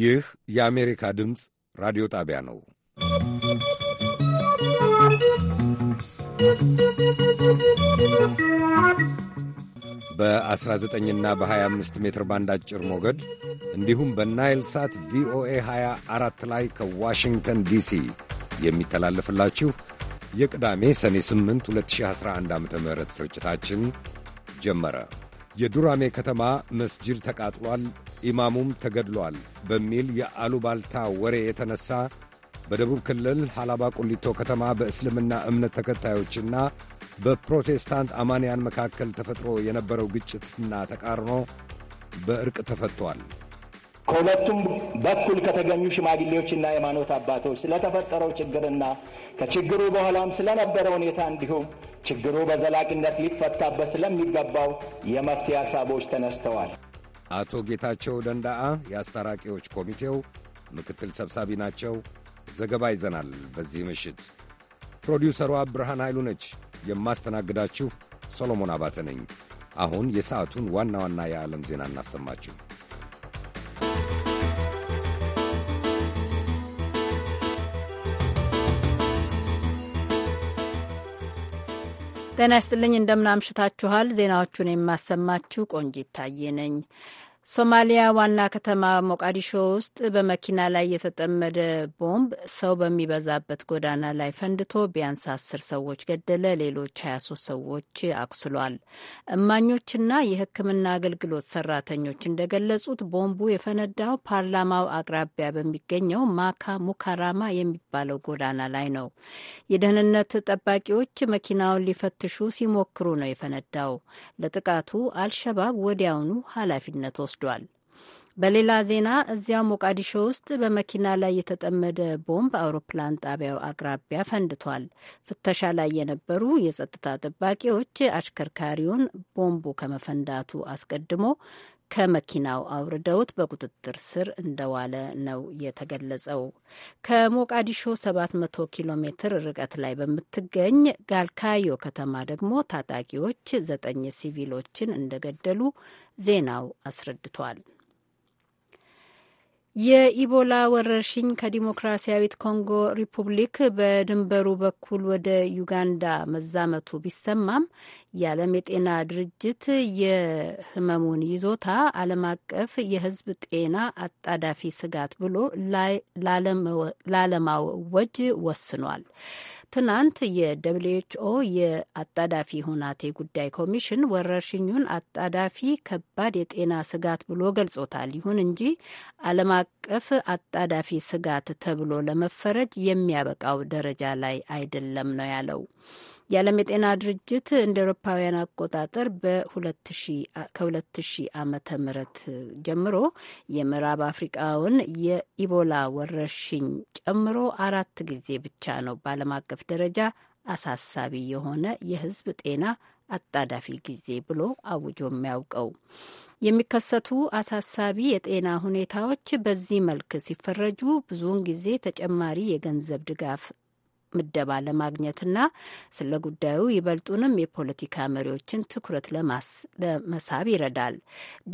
ይህ የአሜሪካ ድምፅ ራዲዮ ጣቢያ ነው። በ19ና በ25 ሜትር ባንድ አጭር ሞገድ እንዲሁም በናይል ሳት ቪኦኤ 24 ላይ ከዋሽንግተን ዲሲ የሚተላለፍላችሁ የቅዳሜ ሰኔ 8 2011 ዓ ም ስርጭታችን ጀመረ። የዱራሜ ከተማ መስጂድ ተቃጥሏል፣ ኢማሙም ተገድሏል በሚል የአሉባልታ ወሬ የተነሳ በደቡብ ክልል ሃላባ ቁሊቶ ከተማ በእስልምና እምነት ተከታዮችና በፕሮቴስታንት አማንያን መካከል ተፈጥሮ የነበረው ግጭትና ተቃርኖ በእርቅ ተፈቷል። ከሁለቱም በኩል ከተገኙ ሽማግሌዎችና ሃይማኖት አባቶች ስለተፈጠረው ችግርና ከችግሩ በኋላም ስለነበረ ሁኔታ እንዲሁም ችግሩ በዘላቂነት ሊፈታበት ስለሚገባው የመፍትሄ ሀሳቦች ተነስተዋል። አቶ ጌታቸው ደንዳአ የአስታራቂዎች ኮሚቴው ምክትል ሰብሳቢ ናቸው። ዘገባ ይዘናል በዚህ ምሽት። ፕሮዲውሰሯ ብርሃን ኃይሉ ነች። የማስተናግዳችሁ ሰሎሞን አባተ ነኝ። አሁን የሰዓቱን ዋና ዋና የዓለም ዜና እናሰማችሁ። ጤና ይስጥልኝ እንደምናምሽታችኋል። ዜናዎቹን የማሰማችሁ ቆንጂት ታዬ ነኝ። ሶማሊያ ዋና ከተማ ሞቃዲሾ ውስጥ በመኪና ላይ የተጠመደ ቦምብ ሰው በሚበዛበት ጎዳና ላይ ፈንድቶ ቢያንስ አስር ሰዎች ገደለ፣ ሌሎች 23 ሰዎች አቁስሏል። እማኞችና የሕክምና አገልግሎት ሰራተኞች እንደገለጹት ቦምቡ የፈነዳው ፓርላማው አቅራቢያ በሚገኘው ማካ ሙካራማ የሚባለው ጎዳና ላይ ነው። የደህንነት ጠባቂዎች መኪናውን ሊፈትሹ ሲሞክሩ ነው የፈነዳው። ለጥቃቱ አልሸባብ ወዲያውኑ ኃላፊነት ወስዷል። በሌላ ዜና እዚያው ሞቃዲሾ ውስጥ በመኪና ላይ የተጠመደ ቦምብ አውሮፕላን ጣቢያው አቅራቢያ ፈንድቷል። ፍተሻ ላይ የነበሩ የጸጥታ ጠባቂዎች አሽከርካሪውን ቦምቡ ከመፈንዳቱ አስቀድሞ ከመኪናው አውርደውት በቁጥጥር ስር እንደዋለ ነው የተገለጸው። ከሞቃዲሾ 700 ኪሎ ሜትር ርቀት ላይ በምትገኝ ጋልካዮ ከተማ ደግሞ ታጣቂዎች ዘጠኝ ሲቪሎችን እንደገደሉ ዜናው አስረድቷል። የኢቦላ ወረርሽኝ ከዲሞክራሲያዊት ኮንጎ ሪፑብሊክ በድንበሩ በኩል ወደ ዩጋንዳ መዛመቱ ቢሰማም የዓለም የጤና ድርጅት የሕመሙን ይዞታ ዓለም አቀፍ የሕዝብ ጤና አጣዳፊ ስጋት ብሎ ላለማወጅ ወስኗል። ትናንት የደብልዩኤችኦ የአጣዳፊ ሁናቴ ጉዳይ ኮሚሽን ወረርሽኙን አጣዳፊ ከባድ የጤና ስጋት ብሎ ገልጾታል። ይሁን እንጂ ዓለም አቀፍ አጣዳፊ ስጋት ተብሎ ለመፈረጅ የሚያበቃው ደረጃ ላይ አይደለም ነው ያለው። የዓለም የጤና ድርጅት እንደ ኤሮፓውያን አቆጣጠር ከ2000 ዓመተ ምህረት ጀምሮ የምዕራብ አፍሪቃውን የኢቦላ ወረርሽኝ ጨምሮ አራት ጊዜ ብቻ ነው በዓለም አቀፍ ደረጃ አሳሳቢ የሆነ የሕዝብ ጤና አጣዳፊ ጊዜ ብሎ አውጆ የሚያውቀው። የሚከሰቱ አሳሳቢ የጤና ሁኔታዎች በዚህ መልክ ሲፈረጁ ብዙውን ጊዜ ተጨማሪ የገንዘብ ድጋፍ ምደባ ለማግኘትና ስለ ጉዳዩ ይበልጡንም የፖለቲካ መሪዎችን ትኩረት ለመሳብ ይረዳል።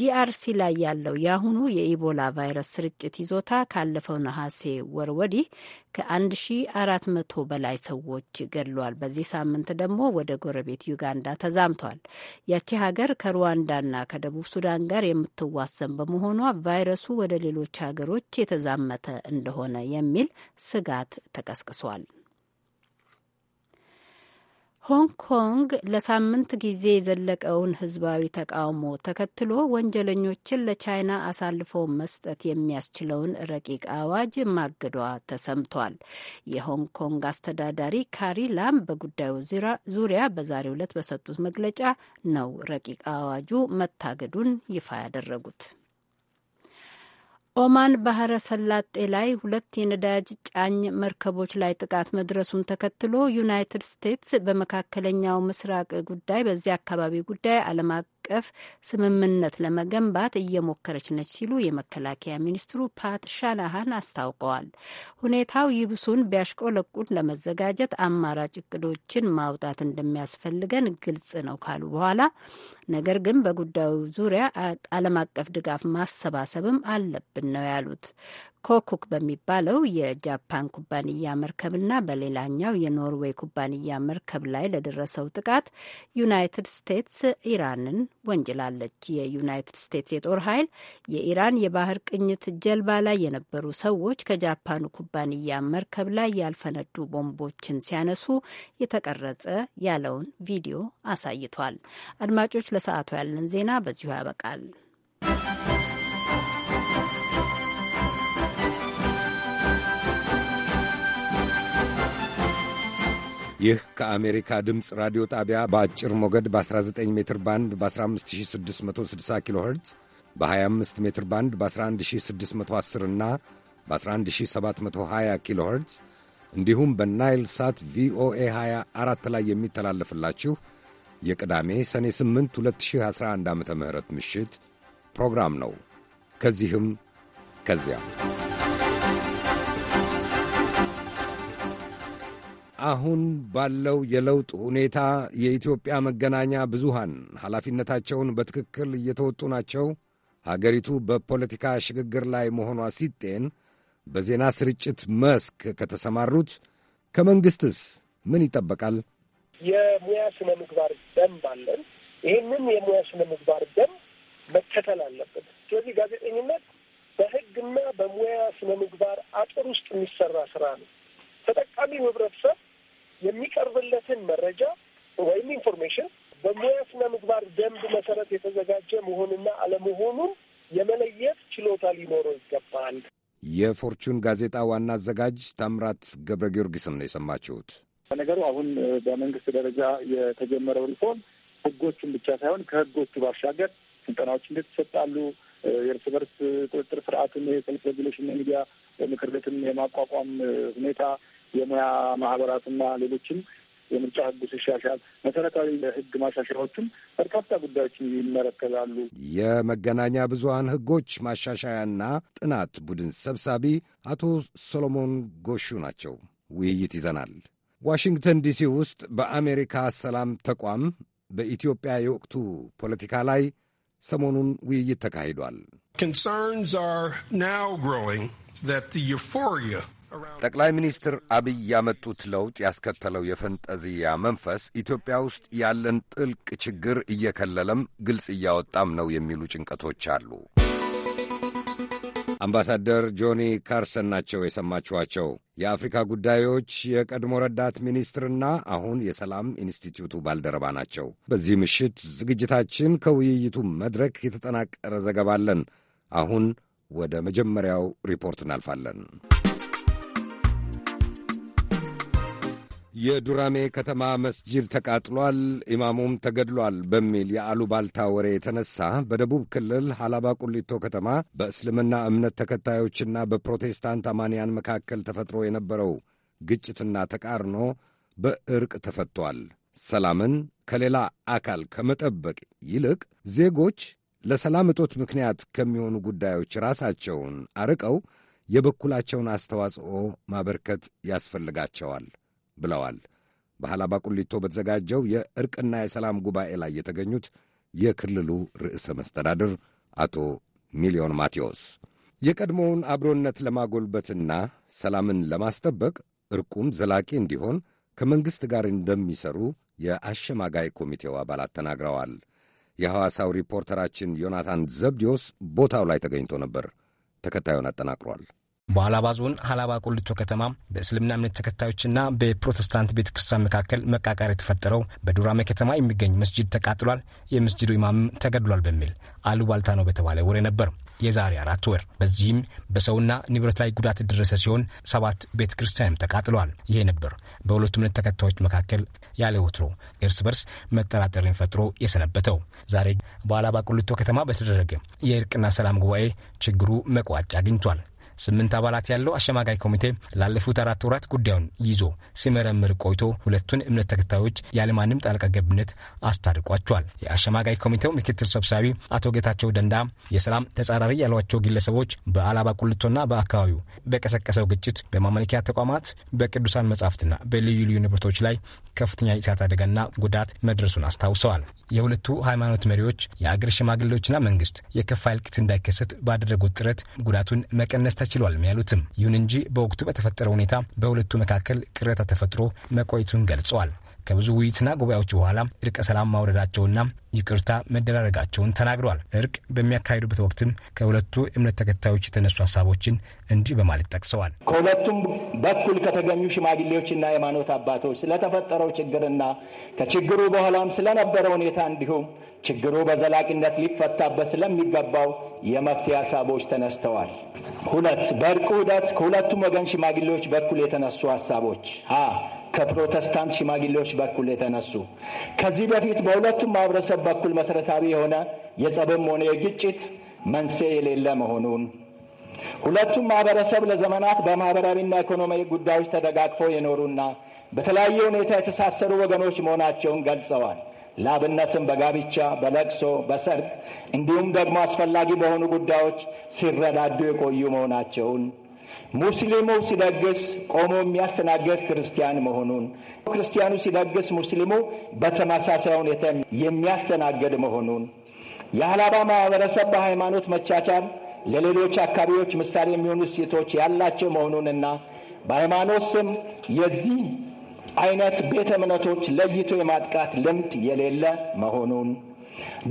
ዲአርሲ ላይ ያለው የአሁኑ የኢቦላ ቫይረስ ስርጭት ይዞታ ካለፈው ነሐሴ ወር ወዲህ ከ1400 በላይ ሰዎች ገድሏል። በዚህ ሳምንት ደግሞ ወደ ጎረቤት ዩጋንዳ ተዛምቷል። ያቺ ሀገር ከሩዋንዳና ከደቡብ ሱዳን ጋር የምትዋሰን በመሆኗ ቫይረሱ ወደ ሌሎች ሀገሮች የተዛመተ እንደሆነ የሚል ስጋት ተቀስቅሷል። ሆንግ ኮንግ ለሳምንት ጊዜ የዘለቀውን ህዝባዊ ተቃውሞ ተከትሎ ወንጀለኞችን ለቻይና አሳልፎ መስጠት የሚያስችለውን ረቂቅ አዋጅ ማገዷ ተሰምቷል። የሆንግ ኮንግ አስተዳዳሪ ካሪ ላም በጉዳዩ ዙሪያ በዛሬው ዕለት በሰጡት መግለጫ ነው ረቂቅ አዋጁ መታገዱን ይፋ ያደረጉት። ኦማን ባህረ ሰላጤ ላይ ሁለት የነዳጅ ጫኝ መርከቦች ላይ ጥቃት መድረሱን ተከትሎ ዩናይትድ ስቴትስ በመካከለኛው ምስራቅ ጉዳይ በዚያ አካባቢ ጉዳይ ዓለም አቀፍ ስምምነት ለመገንባት እየሞከረች ነች ሲሉ የመከላከያ ሚኒስትሩ ፓት ሻናሃን አስታውቀዋል። ሁኔታው ይብሱን ቢያሽቆለቁን ለመዘጋጀት አማራጭ እቅዶችን ማውጣት እንደሚያስፈልገን ግልጽ ነው ካሉ በኋላ ነገር ግን በጉዳዩ ዙሪያ ዓለም አቀፍ ድጋፍ ማሰባሰብም አለብን ነው ያሉት። ኮኩክ በሚባለው የጃፓን ኩባንያ መርከብና በሌላኛው የኖርዌይ ኩባንያ መርከብ ላይ ለደረሰው ጥቃት ዩናይትድ ስቴትስ ኢራንን ወንጅላለች። የዩናይትድ ስቴትስ የጦር ኃይል የኢራን የባህር ቅኝት ጀልባ ላይ የነበሩ ሰዎች ከጃፓኑ ኩባንያ መርከብ ላይ ያልፈነዱ ቦምቦችን ሲያነሱ የተቀረጸ ያለውን ቪዲዮ አሳይቷል። አድማጮች፣ ለሰዓቱ ያለን ዜና በዚሁ ያበቃል። ይህ ከአሜሪካ ድምፅ ራዲዮ ጣቢያ በአጭር ሞገድ በ19 ሜትር ባንድ በ15660 ኪሎ ኸርትዝ በ25 ሜትር ባንድ በ11610 እና በ11720 ኪሎ ኸርትዝ እንዲሁም በናይል ሳት ቪኦኤ 24 ላይ የሚተላለፍላችሁ የቅዳሜ ሰኔ 8 2011 ዓ ም ምሽት ፕሮግራም ነው። ከዚህም ከዚያም አሁን ባለው የለውጥ ሁኔታ የኢትዮጵያ መገናኛ ብዙሃን ኃላፊነታቸውን በትክክል እየተወጡ ናቸው? ሀገሪቱ በፖለቲካ ሽግግር ላይ መሆኗ ሲጤን በዜና ስርጭት መስክ ከተሰማሩት ከመንግስትስ ምን ይጠበቃል? የሙያ ስነ ምግባር ደንብ አለን። ይህንን የሙያ ስነ ምግባር ደንብ መከተል አለበት። ስለዚህ ጋዜጠኝነት በህግና በሙያ ስነ ምግባር አጥር ውስጥ የሚሰራ ስራ ነው። ተጠቃሚው ህብረተሰብ የሚቀርብለትን መረጃ ወይም ኢንፎርሜሽን በሙያ ስነ ምግባር ደንብ መሰረት የተዘጋጀ መሆንና አለመሆኑን የመለየት ችሎታ ሊኖረው ይገባል። የፎርቹን ጋዜጣ ዋና አዘጋጅ ታምራት ገብረ ጊዮርጊስን ነው የሰማችሁት። ነገሩ አሁን በመንግስት ደረጃ የተጀመረው ሪፎርም ህጎቹን ብቻ ሳይሆን ከህጎቹ ባሻገር ስልጠናዎች እንዴት ይሰጣሉ፣ የእርስ በርስ ቁጥጥር ስርዓትን የሰልፍ ሬጉሌሽን ሚዲያ ምክር ቤትን የማቋቋም ሁኔታ የሙያ ማህበራትና ሌሎችም የምርጫ ህግ ሲሻሻል መሰረታዊ ህግ ማሻሻያዎችም በርካታ ጉዳዮችን ይመለከታሉ። የመገናኛ ብዙሀን ህጎች ማሻሻያና ጥናት ቡድን ሰብሳቢ አቶ ሶሎሞን ጎሹ ናቸው። ውይይት ይዘናል። ዋሽንግተን ዲሲ ውስጥ በአሜሪካ ሰላም ተቋም በኢትዮጵያ የወቅቱ ፖለቲካ ላይ ሰሞኑን ውይይት ተካሂዷል። Concerns are ጠቅላይ ሚኒስትር አብይ ያመጡት ለውጥ ያስከተለው የፈንጠዚያ መንፈስ ኢትዮጵያ ውስጥ ያለን ጥልቅ ችግር እየከለለም ግልጽ እያወጣም ነው የሚሉ ጭንቀቶች አሉ። አምባሳደር ጆኒ ካርሰን ናቸው የሰማችኋቸው። የአፍሪካ ጉዳዮች የቀድሞ ረዳት ሚኒስትርና አሁን የሰላም ኢንስቲትዩቱ ባልደረባ ናቸው። በዚህ ምሽት ዝግጅታችን ከውይይቱ መድረክ የተጠናቀረ ዘገባ አለን። አሁን ወደ መጀመሪያው ሪፖርት እናልፋለን። የዱራሜ ከተማ መስጂድ ተቃጥሏል፣ ኢማሙም ተገድሏል በሚል የአሉባልታ ወሬ የተነሳ በደቡብ ክልል ሀላባ ቁሊቶ ከተማ በእስልምና እምነት ተከታዮችና በፕሮቴስታንት አማንያን መካከል ተፈጥሮ የነበረው ግጭትና ተቃርኖ በእርቅ ተፈቷል። ሰላምን ከሌላ አካል ከመጠበቅ ይልቅ ዜጎች ለሰላም እጦት ምክንያት ከሚሆኑ ጉዳዮች ራሳቸውን አርቀው የበኩላቸውን አስተዋጽኦ ማበርከት ያስፈልጋቸዋል። ብለዋል። በሃላባ ቁሊቶ በተዘጋጀው የእርቅና የሰላም ጉባኤ ላይ የተገኙት የክልሉ ርዕሰ መስተዳድር አቶ ሚሊዮን ማቴዎስ የቀድሞውን አብሮነት ለማጎልበትና ሰላምን ለማስጠበቅ እርቁም ዘላቂ እንዲሆን ከመንግሥት ጋር እንደሚሰሩ የአሸማጋይ ኮሚቴው አባላት ተናግረዋል። የሐዋሳው ሪፖርተራችን ዮናታን ዘብዲዮስ ቦታው ላይ ተገኝቶ ነበር። ተከታዩን አጠናቅሯል። በአላባ ዞን ሀላባ ቁልቶ ከተማ በእስልምና እምነት ተከታዮችና በፕሮቴስታንት ቤተ ክርስቲያን መካከል መቃቃር የተፈጠረው በዱራሜ ከተማ የሚገኝ መስጅድ ተቃጥሏል፣ የመስጅዱ ኢማምም ተገድሏል በሚል አሉባልታ ነው በተባለ ወሬ ነበር የዛሬ አራት ወር። በዚህም በሰውና ንብረት ላይ ጉዳት የደረሰ ሲሆን ሰባት ቤተ ክርስቲያንም ተቃጥለዋል። ይሄ ነበር በሁለቱ እምነት ተከታዮች መካከል ያለ ወትሮ እርስ በርስ መጠራጠርን ፈጥሮ የሰነበተው። ዛሬ በአላባ ቁልቶ ከተማ በተደረገ የእርቅና ሰላም ጉባኤ ችግሩ መቋጫ አግኝቷል። ስምንት አባላት ያለው አሸማጋይ ኮሚቴ ላለፉት አራት ወራት ጉዳዩን ይዞ ሲመረምር ቆይቶ ሁለቱን እምነት ተከታዮች ያለማንም ጣልቃ ገብነት አስታርቋቸዋል። የአሸማጋይ ኮሚቴው ምክትል ሰብሳቢ አቶ ጌታቸው ደንዳ የሰላም ተጻራሪ ያሏቸው ግለሰቦች በአላባ ቁልቶና በአካባቢው በቀሰቀሰው ግጭት በማመልኪያ ተቋማት፣ በቅዱሳን መጻሕፍትና በልዩ ልዩ ንብረቶች ላይ ከፍተኛ የእሳት አደጋና ጉዳት መድረሱን አስታውሰዋል። የሁለቱ ሃይማኖት መሪዎች የአገር ሽማግሌዎችና መንግስት የከፋ እልቂት እንዳይከሰት ባደረጉት ጥረት ጉዳቱን መቀነስ ተችሏል ነው ያሉትም። ይሁን እንጂ በወቅቱ በተፈጠረ ሁኔታ በሁለቱ መካከል ቅሬታ ተፈጥሮ መቆየቱን ገልጸዋል። ከብዙ ውይይትና ጉባኤዎች በኋላ እርቀ ሰላም ማውረዳቸውና ይቅርታ መደራረጋቸውን ተናግረዋል። እርቅ በሚያካሂዱበት ወቅትም ከሁለቱ እምነት ተከታዮች የተነሱ ሀሳቦችን እንዲህ በማለት ጠቅሰዋል። ከሁለቱም በኩል ከተገኙ ሽማግሌዎችና ሃይማኖት አባቶች ስለተፈጠረው ችግርና ከችግሩ በኋላም ስለነበረ ሁኔታ እንዲሁም ችግሩ በዘላቂነት ሊፈታበት ስለሚገባው የመፍትሄ ሀሳቦች ተነስተዋል። ሁለት በእርቁ ሂደት ከሁለቱም ወገን ሽማግሌዎች በኩል የተነሱ ሀሳቦች ሀ ከፕሮቴስታንት ሽማግሌዎች በኩል የተነሱ ከዚህ በፊት በሁለቱም ማህበረሰብ በኩል መሰረታዊ የሆነ የጸብም ሆነ የግጭት መንስኤ የሌለ መሆኑን ሁለቱም ማህበረሰብ ለዘመናት በማህበራዊና ኢኮኖሚያዊ ጉዳዮች ተደጋግፈው የኖሩና በተለያየ ሁኔታ የተሳሰሩ ወገኖች መሆናቸውን ገልጸዋል። ላብነትም በጋብቻ፣ በለቅሶ፣ በሰርግ እንዲሁም ደግሞ አስፈላጊ በሆኑ ጉዳዮች ሲረዳዱ የቆዩ መሆናቸውን ሙስሊሙ ሲለግስ ቆሞ የሚያስተናግድ ክርስቲያን መሆኑን፣ ክርስቲያኑ ሲለግስ ሙስሊሙ በተመሳሳይ ሁኔታ የሚያስተናግድ መሆኑን የአላባ ማህበረሰብ በሃይማኖት መቻቻል ለሌሎች አካባቢዎች ምሳሌ የሚሆኑ ሴቶች ያላቸው መሆኑንና በሃይማኖት ስም የዚህ አይነት ቤተ እምነቶች ለይቶ የማጥቃት ልምድ የሌለ መሆኑን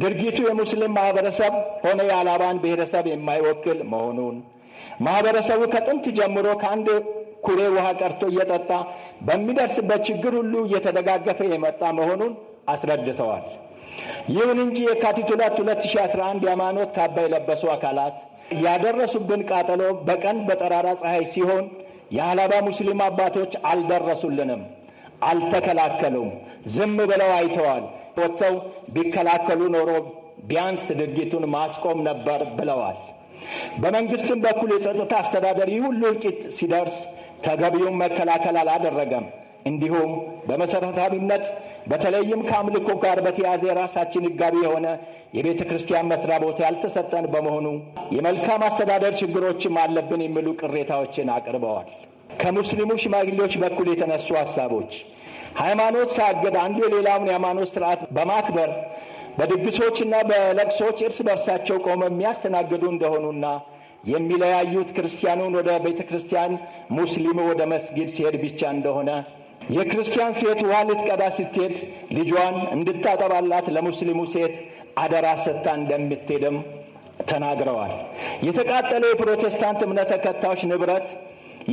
ድርጊቱ የሙስሊም ማህበረሰብ ሆነ የአላባን ብሔረሰብ የማይወክል መሆኑን ማህበረሰቡ ከጥንት ጀምሮ ከአንድ ኩሬ ውሃ ቀርቶ እየጠጣ በሚደርስበት ችግር ሁሉ እየተደጋገፈ የመጣ መሆኑን አስረድተዋል። ይሁን እንጂ የካቲት ሁለት 2011 የሃይማኖት ካባ የለበሱ አካላት ያደረሱብን ቃጠሎ በቀን በጠራራ ፀሐይ ሲሆን የአላባ ሙስሊም አባቶች አልደረሱልንም፣ አልተከላከሉም፣ ዝም ብለው አይተዋል። ወጥተው ቢከላከሉ ኖሮ ቢያንስ ድርጊቱን ማስቆም ነበር ብለዋል። በመንግስትም በኩል የጸጥታ አስተዳደር ሁሉ እልቂት ሲደርስ ተገቢውን መከላከል አላደረገም። እንዲሁም በመሰረታዊነት በተለይም ከአምልኮ ጋር በተያያዘ የራሳችን ሕጋዊ የሆነ የቤተ ክርስቲያን መስሪያ ቦታ ያልተሰጠን በመሆኑ የመልካም አስተዳደር ችግሮችም አለብን የሚሉ ቅሬታዎችን አቅርበዋል። ከሙስሊሙ ሽማግሌዎች በኩል የተነሱ ሀሳቦች ሃይማኖት ሳያገድ አንዱ የሌላውን የሃይማኖት ስርዓት በማክበር በድግሶችና በለቅሶች እርስ በርሳቸው ቆመው የሚያስተናግዱ እንደሆኑና የሚለያዩት ክርስቲያኑን ወደ ቤተ ክርስቲያን ሙስሊሙ ወደ መስጊድ ሲሄድ ብቻ እንደሆነ የክርስቲያን ሴት ውሃ ልትቀዳ ስትሄድ ልጇን እንድታጠባላት ለሙስሊሙ ሴት አደራ ሰጥታ እንደምትሄድም ተናግረዋል። የተቃጠለ የፕሮቴስታንት እምነት ተከታዮች ንብረት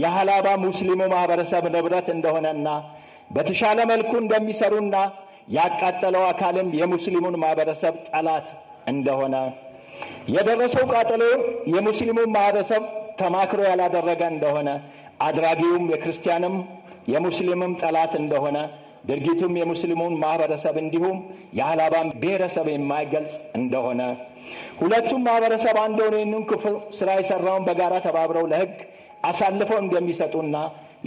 የሀላባ ሙስሊሙ ማህበረሰብ ንብረት እንደሆነና በተሻለ መልኩ እንደሚሰሩና ያቃጠለው አካልም የሙስሊሙን ማህበረሰብ ጠላት እንደሆነ የደረሰው ቃጠሎ የሙስሊሙን ማህበረሰብ ተማክሮ ያላደረገ እንደሆነ አድራጊውም የክርስቲያንም የሙስሊምም ጠላት እንደሆነ ድርጊቱም የሙስሊሙን ማህበረሰብ እንዲሁም የአላባን ብሔረሰብ የማይገልጽ እንደሆነ ሁለቱም ማህበረሰብ አንድ ሆኖ ይህንን ክፉ ስራ የሰራውን በጋራ ተባብረው ለህግ አሳልፈው እንደሚሰጡና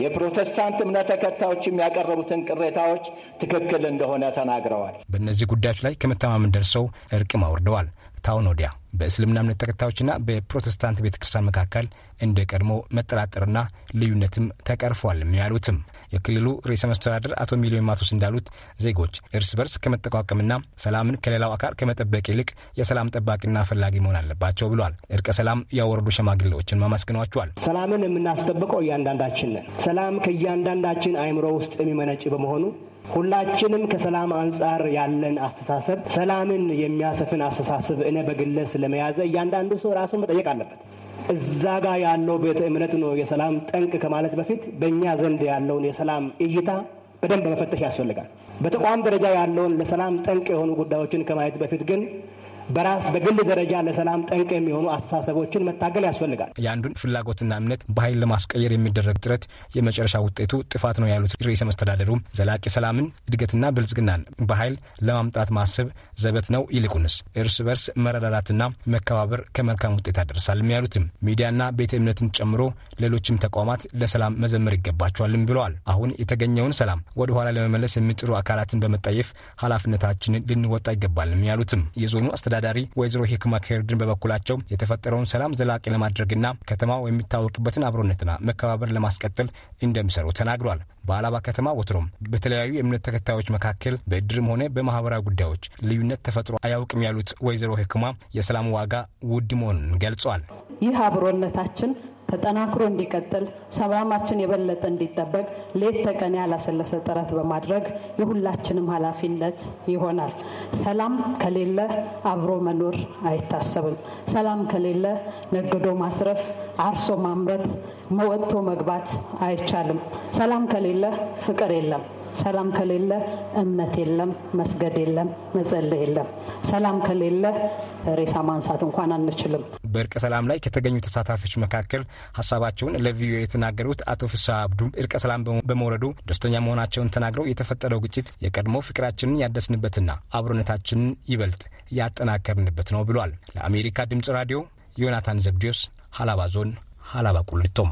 የፕሮቴስታንት እምነት ተከታዮችም ያቀረቡትን ቅሬታዎች ትክክል እንደሆነ ተናግረዋል። በእነዚህ ጉዳዮች ላይ ከመተማመን ደርሰው እርቅም አውርደዋል። ታውን ወዲያ በእስልምና እምነት ተከታዮችና በፕሮቴስታንት ቤተ ክርስቲያን መካከል እንደ ቀድሞ መጠራጠርና ልዩነትም ተቀርፏል ነው ያሉትም የክልሉ ርዕሰ መስተዳደር አቶ ሚሊዮን ማቶስ እንዳሉት ዜጎች እርስ በርስ ከመጠቋቀምና ሰላምን ከሌላው አካል ከመጠበቅ ይልቅ የሰላም ጠባቂና ፈላጊ መሆን አለባቸው ብሏል። እርቀ ሰላም ያወረዱ ሸማግሌዎችን ማመስገኗቸዋል። ሰላምን የምናስጠብቀው እያንዳንዳችን ነን። ሰላም ከእያንዳንዳችን አእምሮ ውስጥ የሚመነጭ በመሆኑ ሁላችንም ከሰላም አንጻር ያለን አስተሳሰብ ሰላምን የሚያሰፍን አስተሳሰብ እኔ በግለ ስለመያዘ እያንዳንዱ ሰው ራሱን መጠየቅ አለበት። እዛ ጋር ያለው ቤተ እምነት ነው የሰላም ጠንቅ ከማለት በፊት በእኛ ዘንድ ያለውን የሰላም እይታ በደንብ መፈተሽ ያስፈልጋል። በተቋም ደረጃ ያለውን ለሰላም ጠንቅ የሆኑ ጉዳዮችን ከማየት በፊት ግን በራስ በግል ደረጃ ለሰላም ጠንቅ የሚሆኑ አስተሳሰቦችን መታገል ያስፈልጋል። የአንዱን ፍላጎትና እምነት በኃይል ለማስቀየር የሚደረግ ጥረት የመጨረሻ ውጤቱ ጥፋት ነው ያሉት ርዕሰ መስተዳደሩ ዘላቂ ሰላምን እድገትና ብልጽግናን በኃይል ለማምጣት ማሰብ ዘበት ነው። ይልቁንስ እርስ በርስ መረዳዳትና መከባበር ከመልካም ውጤት ያደርሳልም ያሉትም ሚዲያና ቤተ እምነትን ጨምሮ ሌሎችም ተቋማት ለሰላም መዘመር ይገባቸዋልም ብለዋል። አሁን የተገኘውን ሰላም ወደ ኋላ ለመመለስ የሚጥሩ አካላትን በመጠየፍ ኃላፊነታችንን ልንወጣ ይገባልም ያሉትም የዞኑ አስተዳደ አስተዳዳሪ ወይዘሮ ሂክማ ከርድን በበኩላቸው የተፈጠረውን ሰላም ዘላቂ ለማድረግና ከተማው የሚታወቅበትን አብሮነትና መከባበር ለማስቀጠል እንደሚሰሩ ተናግሯል። በአላባ ከተማ ወትሮም በተለያዩ የእምነት ተከታዮች መካከል በእድርም ሆነ በማህበራዊ ጉዳዮች ልዩነት ተፈጥሮ አያውቅም ያሉት ወይዘሮ ህክማ የሰላም ዋጋ ውድ መሆኑን ገልጿል። ይህ አብሮነታችን ተጠናክሮ እንዲቀጥል ሰላማችን የበለጠ እንዲጠበቅ ሌት ተቀን ያላሰለሰ ጥረት በማድረግ የሁላችንም ኃላፊነት ይሆናል። ሰላም ከሌለ አብሮ መኖር አይታሰብም። ሰላም ከሌለ ነግዶ ማትረፍ፣ አርሶ ማምረት ወጥቶ መግባት አይቻልም። ሰላም ከሌለ ፍቅር የለም። ሰላም ከሌለ እምነት የለም፣ መስገድ የለም፣ መጸለይ የለም። ሰላም ከሌለ ሬሳ ማንሳት እንኳን አንችልም። በእርቀ ሰላም ላይ ከተገኙ ተሳታፊዎች መካከል ሀሳባቸውን ለቪኦኤ የተናገሩት አቶ ፍሳ አብዱ እርቀ ሰላም በመውረዱ ደስተኛ መሆናቸውን ተናግረው የተፈጠረው ግጭት የቀድሞ ፍቅራችንን ያደስንበትና አብሮነታችንን ይበልጥ ያጠናከርንበት ነው ብሏል። ለአሜሪካ ድምጽ ራዲዮ ዮናታን ዘብዲዮስ ሀላባ ዞን ሀላባ ቁሊቶም።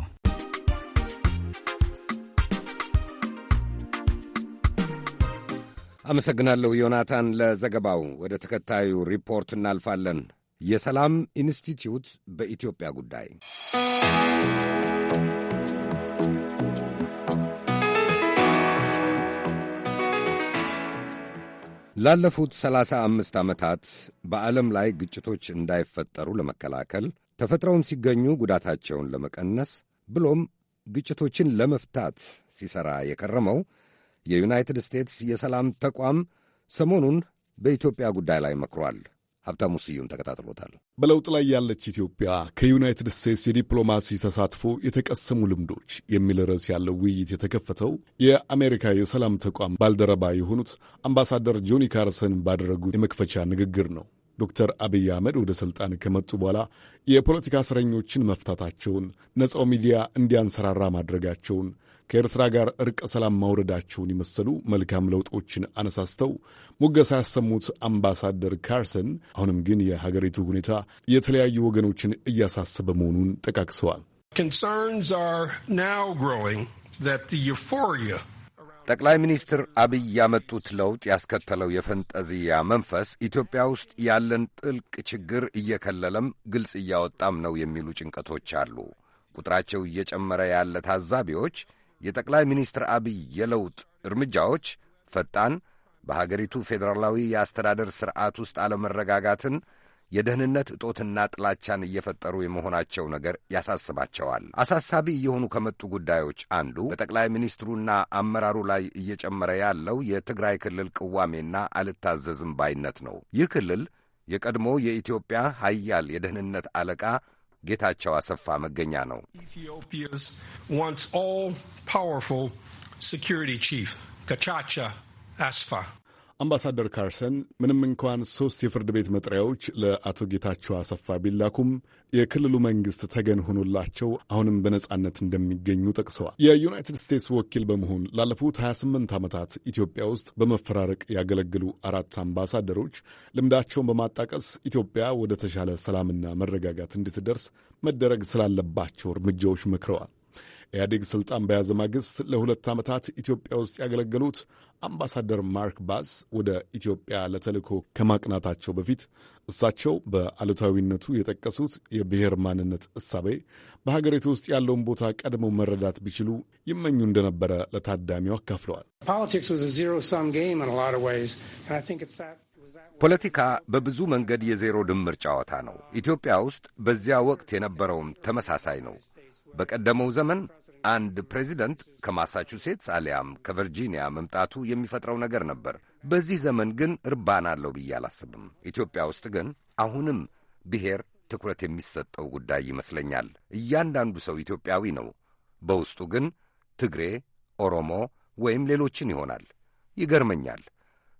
አመሰግናለሁ ዮናታን ለዘገባው። ወደ ተከታዩ ሪፖርት እናልፋለን። የሰላም ኢንስቲትዩት በኢትዮጵያ ጉዳይ ላለፉት ሰላሳ አምስት ዓመታት በዓለም ላይ ግጭቶች እንዳይፈጠሩ ለመከላከል ተፈጥረውም ሲገኙ ጉዳታቸውን ለመቀነስ ብሎም ግጭቶችን ለመፍታት ሲሠራ የከረመው የዩናይትድ ስቴትስ የሰላም ተቋም ሰሞኑን በኢትዮጵያ ጉዳይ ላይ መክሯል። ሀብታሙ ስዩም ተከታትሎታል። በለውጥ ላይ ያለች ኢትዮጵያ ከዩናይትድ ስቴትስ የዲፕሎማሲ ተሳትፎ የተቀሰሙ ልምዶች የሚል ርዕስ ያለው ውይይት የተከፈተው የአሜሪካ የሰላም ተቋም ባልደረባ የሆኑት አምባሳደር ጆኒ ካርሰን ባደረጉት የመክፈቻ ንግግር ነው። ዶክተር አብይ አህመድ ወደ ሥልጣን ከመጡ በኋላ የፖለቲካ እስረኞችን መፍታታቸውን፣ ነጻው ሚዲያ እንዲያንሰራራ ማድረጋቸውን፣ ከኤርትራ ጋር እርቀ ሰላም ማውረዳቸውን የመሰሉ መልካም ለውጦችን አነሳስተው ሙገሳ ያሰሙት አምባሳደር ካርሰን አሁንም ግን የሀገሪቱ ሁኔታ የተለያዩ ወገኖችን እያሳሰበ መሆኑን ጠቃቅሰዋል። Concerns are now growing that the euphoria ጠቅላይ ሚኒስትር አብይ ያመጡት ለውጥ ያስከተለው የፈንጠዝያ መንፈስ ኢትዮጵያ ውስጥ ያለን ጥልቅ ችግር እየከለለም ግልጽ እያወጣም ነው የሚሉ ጭንቀቶች አሉ። ቁጥራቸው እየጨመረ ያለ ታዛቢዎች የጠቅላይ ሚኒስትር አብይ የለውጥ እርምጃዎች ፈጣን፣ በሀገሪቱ ፌዴራላዊ የአስተዳደር ሥርዓት ውስጥ አለመረጋጋትን የደህንነት እጦትና ጥላቻን እየፈጠሩ የመሆናቸው ነገር ያሳስባቸዋል። አሳሳቢ እየሆኑ ከመጡ ጉዳዮች አንዱ በጠቅላይ ሚኒስትሩና አመራሩ ላይ እየጨመረ ያለው የትግራይ ክልል ቅዋሜና አልታዘዝም ባይነት ነው። ይህ ክልል የቀድሞ የኢትዮጵያ ኃያል የደህንነት አለቃ ጌታቸው አሰፋ መገኛ ነው። ኢትዮጵያስ ዋንስ ኦል ፓወርፉል ቺፍ አስፋ አምባሳደር ካርሰን ምንም እንኳን ሶስት የፍርድ ቤት መጥሪያዎች ለአቶ ጌታቸው አሰፋ ቢላኩም የክልሉ መንግስት ተገን ሆኖላቸው አሁንም በነጻነት እንደሚገኙ ጠቅሰዋል። የዩናይትድ ስቴትስ ወኪል በመሆን ላለፉት 28 ዓመታት ኢትዮጵያ ውስጥ በመፈራረቅ ያገለግሉ አራት አምባሳደሮች ልምዳቸውን በማጣቀስ ኢትዮጵያ ወደ ተሻለ ሰላምና መረጋጋት እንድትደርስ መደረግ ስላለባቸው እርምጃዎች መክረዋል። ኢህአዴግ ስልጣን በያዘ ማግስት ለሁለት ዓመታት ኢትዮጵያ ውስጥ ያገለገሉት አምባሳደር ማርክ ባስ ወደ ኢትዮጵያ ለተልእኮ ከማቅናታቸው በፊት እሳቸው በአሉታዊነቱ የጠቀሱት የብሔር ማንነት እሳቤ በሀገሪቱ ውስጥ ያለውን ቦታ ቀድመው መረዳት ቢችሉ ይመኙ እንደነበረ ለታዳሚው አካፍለዋል። ፖለቲካ በብዙ መንገድ የዜሮ ድምር ጨዋታ ነው። ኢትዮጵያ ውስጥ በዚያ ወቅት የነበረውም ተመሳሳይ ነው። በቀደመው ዘመን አንድ ፕሬዚደንት ከማሳቹሴትስ አሊያም ከቨርጂኒያ መምጣቱ የሚፈጥረው ነገር ነበር። በዚህ ዘመን ግን ርባና አለው ብዬ አላስብም። ኢትዮጵያ ውስጥ ግን አሁንም ብሔር ትኩረት የሚሰጠው ጉዳይ ይመስለኛል። እያንዳንዱ ሰው ኢትዮጵያዊ ነው። በውስጡ ግን ትግሬ፣ ኦሮሞ ወይም ሌሎችን ይሆናል። ይገርመኛል።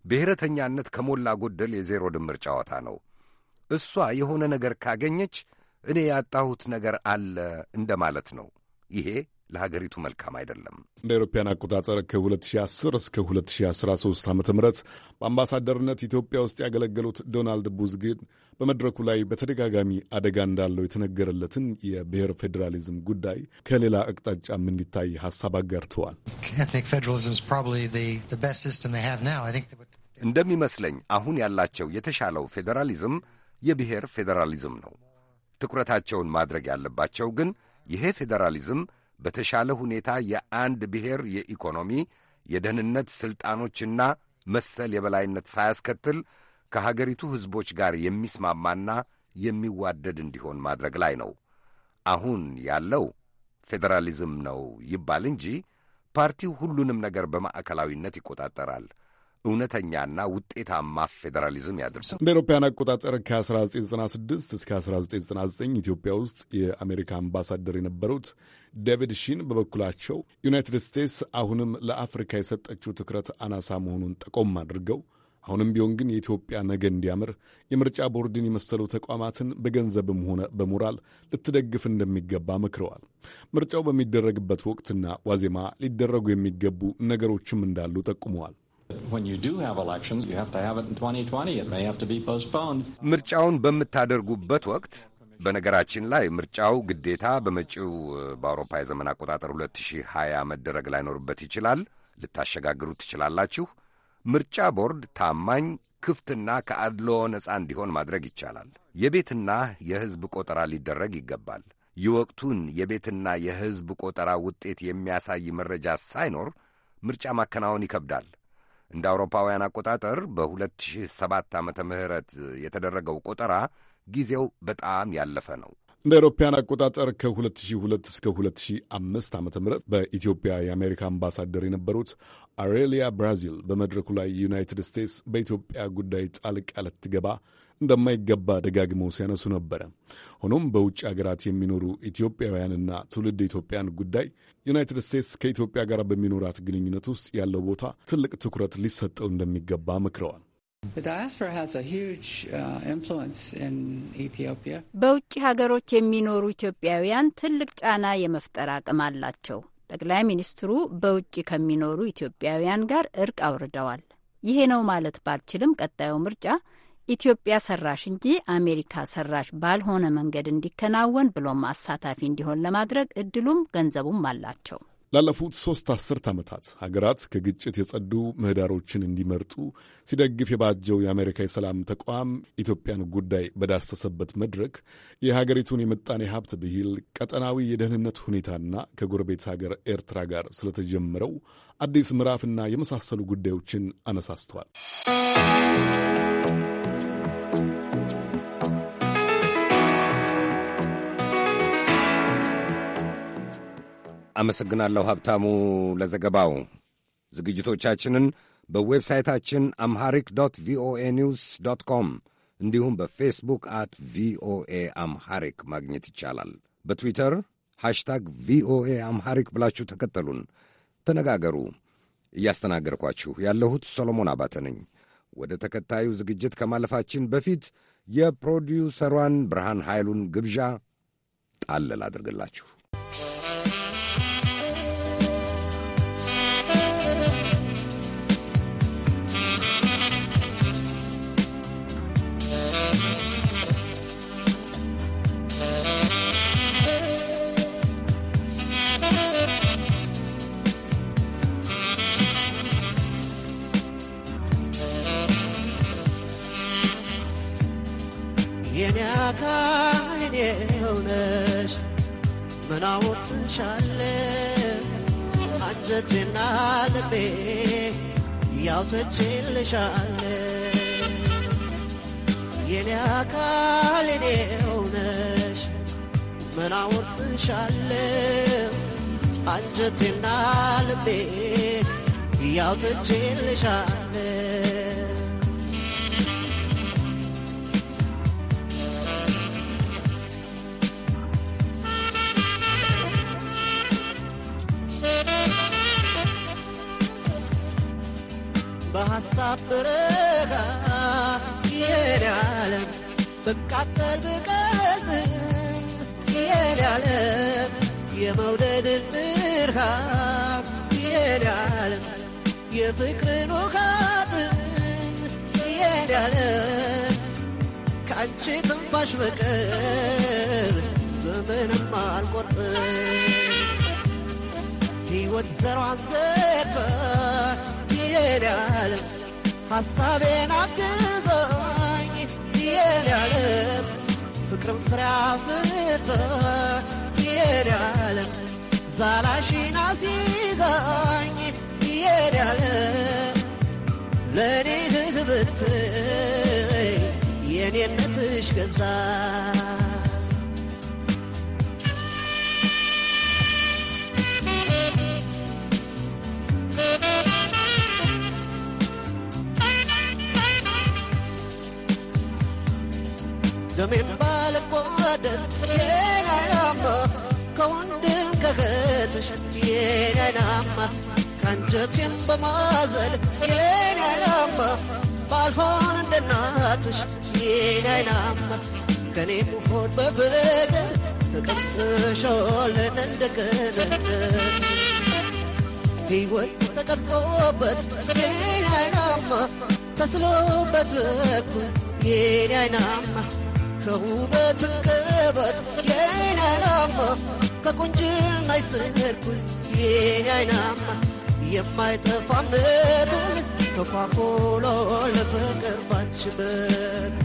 ብሔረተኛነት ከሞላ ጎደል የዜሮ ድምር ጨዋታ ነው። እሷ የሆነ ነገር ካገኘች እኔ ያጣሁት ነገር አለ እንደማለት ነው። ይሄ ለሀገሪቱ መልካም አይደለም። እንደ አውሮፓውያን አቆጣጠር ከ2010 እስከ 2013 ዓ ም በአምባሳደርነት ኢትዮጵያ ውስጥ ያገለገሉት ዶናልድ ቡዝ ግን በመድረኩ ላይ በተደጋጋሚ አደጋ እንዳለው የተነገረለትን የብሔር ፌዴራሊዝም ጉዳይ ከሌላ አቅጣጫም እንዲታይ ሀሳብ አጋርተዋል። እንደሚመስለኝ አሁን ያላቸው የተሻለው ፌዴራሊዝም የብሔር ፌዴራሊዝም ነው። ትኩረታቸውን ማድረግ ያለባቸው ግን ይሄ ፌዴራሊዝም በተሻለ ሁኔታ የአንድ ብሔር የኢኮኖሚ የደህንነት ሥልጣኖችና መሰል የበላይነት ሳያስከትል ከሀገሪቱ ሕዝቦች ጋር የሚስማማና የሚዋደድ እንዲሆን ማድረግ ላይ ነው። አሁን ያለው ፌዴራሊዝም ነው ይባል እንጂ ፓርቲው ሁሉንም ነገር በማዕከላዊነት ይቆጣጠራል። እውነተኛና ውጤታማ ፌዴራሊዝም ያድርሱ። እንደ አውሮፓውያን አቆጣጠር ከ1996 እስከ 1999 ኢትዮጵያ ውስጥ የአሜሪካ አምባሳደር የነበሩት ዴቪድ ሺን በበኩላቸው ዩናይትድ ስቴትስ አሁንም ለአፍሪካ የሰጠችው ትኩረት አናሳ መሆኑን ጠቆም አድርገው አሁንም ቢሆን ግን የኢትዮጵያ ነገ እንዲያምር የምርጫ ቦርድን የመሰሉ ተቋማትን በገንዘብም ሆነ በሞራል ልትደግፍ እንደሚገባ መክረዋል። ምርጫው በሚደረግበት ወቅትና ዋዜማ ሊደረጉ የሚገቡ ነገሮችም እንዳሉ ጠቁመዋል። ምርጫውን በምታደርጉበት ወቅት በነገራችን ላይ ምርጫው ግዴታ በመጪው በአውሮፓ የዘመን አቆጣጠር 2020 መደረግ ላይኖርበት ይችላል። ልታሸጋግሩ ትችላላችሁ። ምርጫ ቦርድ ታማኝ ክፍትና ከአድሎ ነፃ እንዲሆን ማድረግ ይቻላል። የቤትና የሕዝብ ቆጠራ ሊደረግ ይገባል። የወቅቱን የቤትና የሕዝብ ቆጠራ ውጤት የሚያሳይ መረጃ ሳይኖር ምርጫ ማከናወን ይከብዳል። እንደ አውሮፓውያን አቆጣጠር በ2007 ዓመተ ምህረት የተደረገው ቆጠራ ጊዜው በጣም ያለፈ ነው። እንደ አውሮፓውያን አቆጣጠር ከ2002 እስከ 2005 ዓ ም በኢትዮጵያ የአሜሪካ አምባሳደር የነበሩት አውሬሊያ ብራዚል በመድረኩ ላይ ዩናይትድ ስቴትስ በኢትዮጵያ ጉዳይ ጣልቃ ልትገባ እንደማይገባ ደጋግመው ሲያነሱ ነበረ። ሆኖም በውጭ አገራት የሚኖሩ ኢትዮጵያውያንና ትውልድ ኢትዮጵያን ጉዳይ ዩናይትድ ስቴትስ ከኢትዮጵያ ጋር በሚኖራት ግንኙነት ውስጥ ያለው ቦታ ትልቅ ትኩረት ሊሰጠው እንደሚገባ መክረዋል። uh, በውጭ ሀገሮች የሚኖሩ ኢትዮጵያውያን ትልቅ ጫና የመፍጠር አቅም አላቸው። ጠቅላይ ሚኒስትሩ በውጭ ከሚኖሩ ኢትዮጵያውያን ጋር እርቅ አውርደዋል። ይሄ ነው ማለት ባልችልም ቀጣዩ ምርጫ ኢትዮጵያ ሰራሽ እንጂ አሜሪካ ሰራሽ ባልሆነ መንገድ እንዲከናወን ብሎም አሳታፊ እንዲሆን ለማድረግ እድሉም ገንዘቡም አላቸው። ላለፉት ሶስት አስርት ዓመታት ሀገራት ከግጭት የጸዱ ምህዳሮችን እንዲመርጡ ሲደግፍ የባጀው የአሜሪካ የሰላም ተቋም ኢትዮጵያን ጉዳይ በዳሰሰበት መድረክ የሀገሪቱን የምጣኔ ሀብት ብሂል፣ ቀጠናዊ የደህንነት ሁኔታና ከጎረቤት ሀገር ኤርትራ ጋር ስለተጀመረው አዲስ ምዕራፍና የመሳሰሉ ጉዳዮችን አነሳስተዋል። አመሰግናለሁ ሀብታሙ ለዘገባው። ዝግጅቶቻችንን በዌብሳይታችን አምሃሪክ ዶት ቪኦኤ ኒውስ ዶት ኮም እንዲሁም በፌስቡክ አት ቪኦኤ አምሃሪክ ማግኘት ይቻላል። በትዊተር ሃሽታግ ቪኦኤ አምሃሪክ ብላችሁ ተከተሉን፣ ተነጋገሩ። እያስተናገርኳችሁ ያለሁት ሰሎሞን አባተ ነኝ። ወደ ተከታዩ ዝግጅት ከማለፋችን በፊት የፕሮዲውሰሯን ብርሃን ኃይሉን ግብዣ ጣል ላድርግላችሁ። የኔ አካል የኔ ሆነሽ ምናወት ስንሻለ አንጀቴና ልቤ ያውተችልሻለ የኔ አካል የኔ ሆነሽ ምናወት ስንሻለ አንጀቴና ልቤ ያውተችልሻለ በሐሳብ በረሃ የኔ ዓለም ብቃጠል ብቀዝም የኔ የመውደድን ብርሃን የኔ የፍቅርን ውሃጥን የኔ ከአንቺ ትንፋሽ በቀር በምንም አልቆርጥም ሕይወት ዘሯን ዲየዳለም ሐሳቤን አግዘኝ ዲየዳለም ፍቅርም ፍሬ አፍርቶ ዲየዳለም ዛላሽን አስይዘኝ ዲየዳለም ለእኔ ህግ ብትይ የእኔነትሽ ገዛ ደሜን ባልቋደስ የናያማ ከወንድም ከእህትሽ የናያማ ከአንጀቴም በማዘል የናያማ ባልሆን እንደ እናትሽ የናያማ ከኔ ሆድ በፍቅር አይናማ ተስሎበት እኮ የኔ አይናማ ከውበትን ቅበት የኔ አይናማ ከቁንጅና ይስነድኩኝ የኔ አይናማ የማይጠፋ እምነቱን ተኳኩሎ ለፍቅር ባንችበት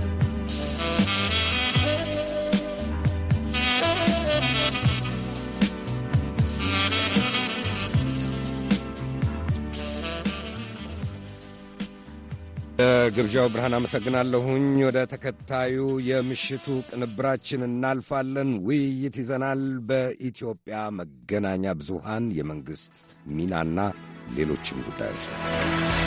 ግብዣው ብርሃን አመሰግናለሁኝ። ወደ ተከታዩ የምሽቱ ቅንብራችን እናልፋለን። ውይይት ይዘናል። በኢትዮጵያ መገናኛ ብዙሃን የመንግሥት ሚናና ሌሎችም ጉዳዮች ነው።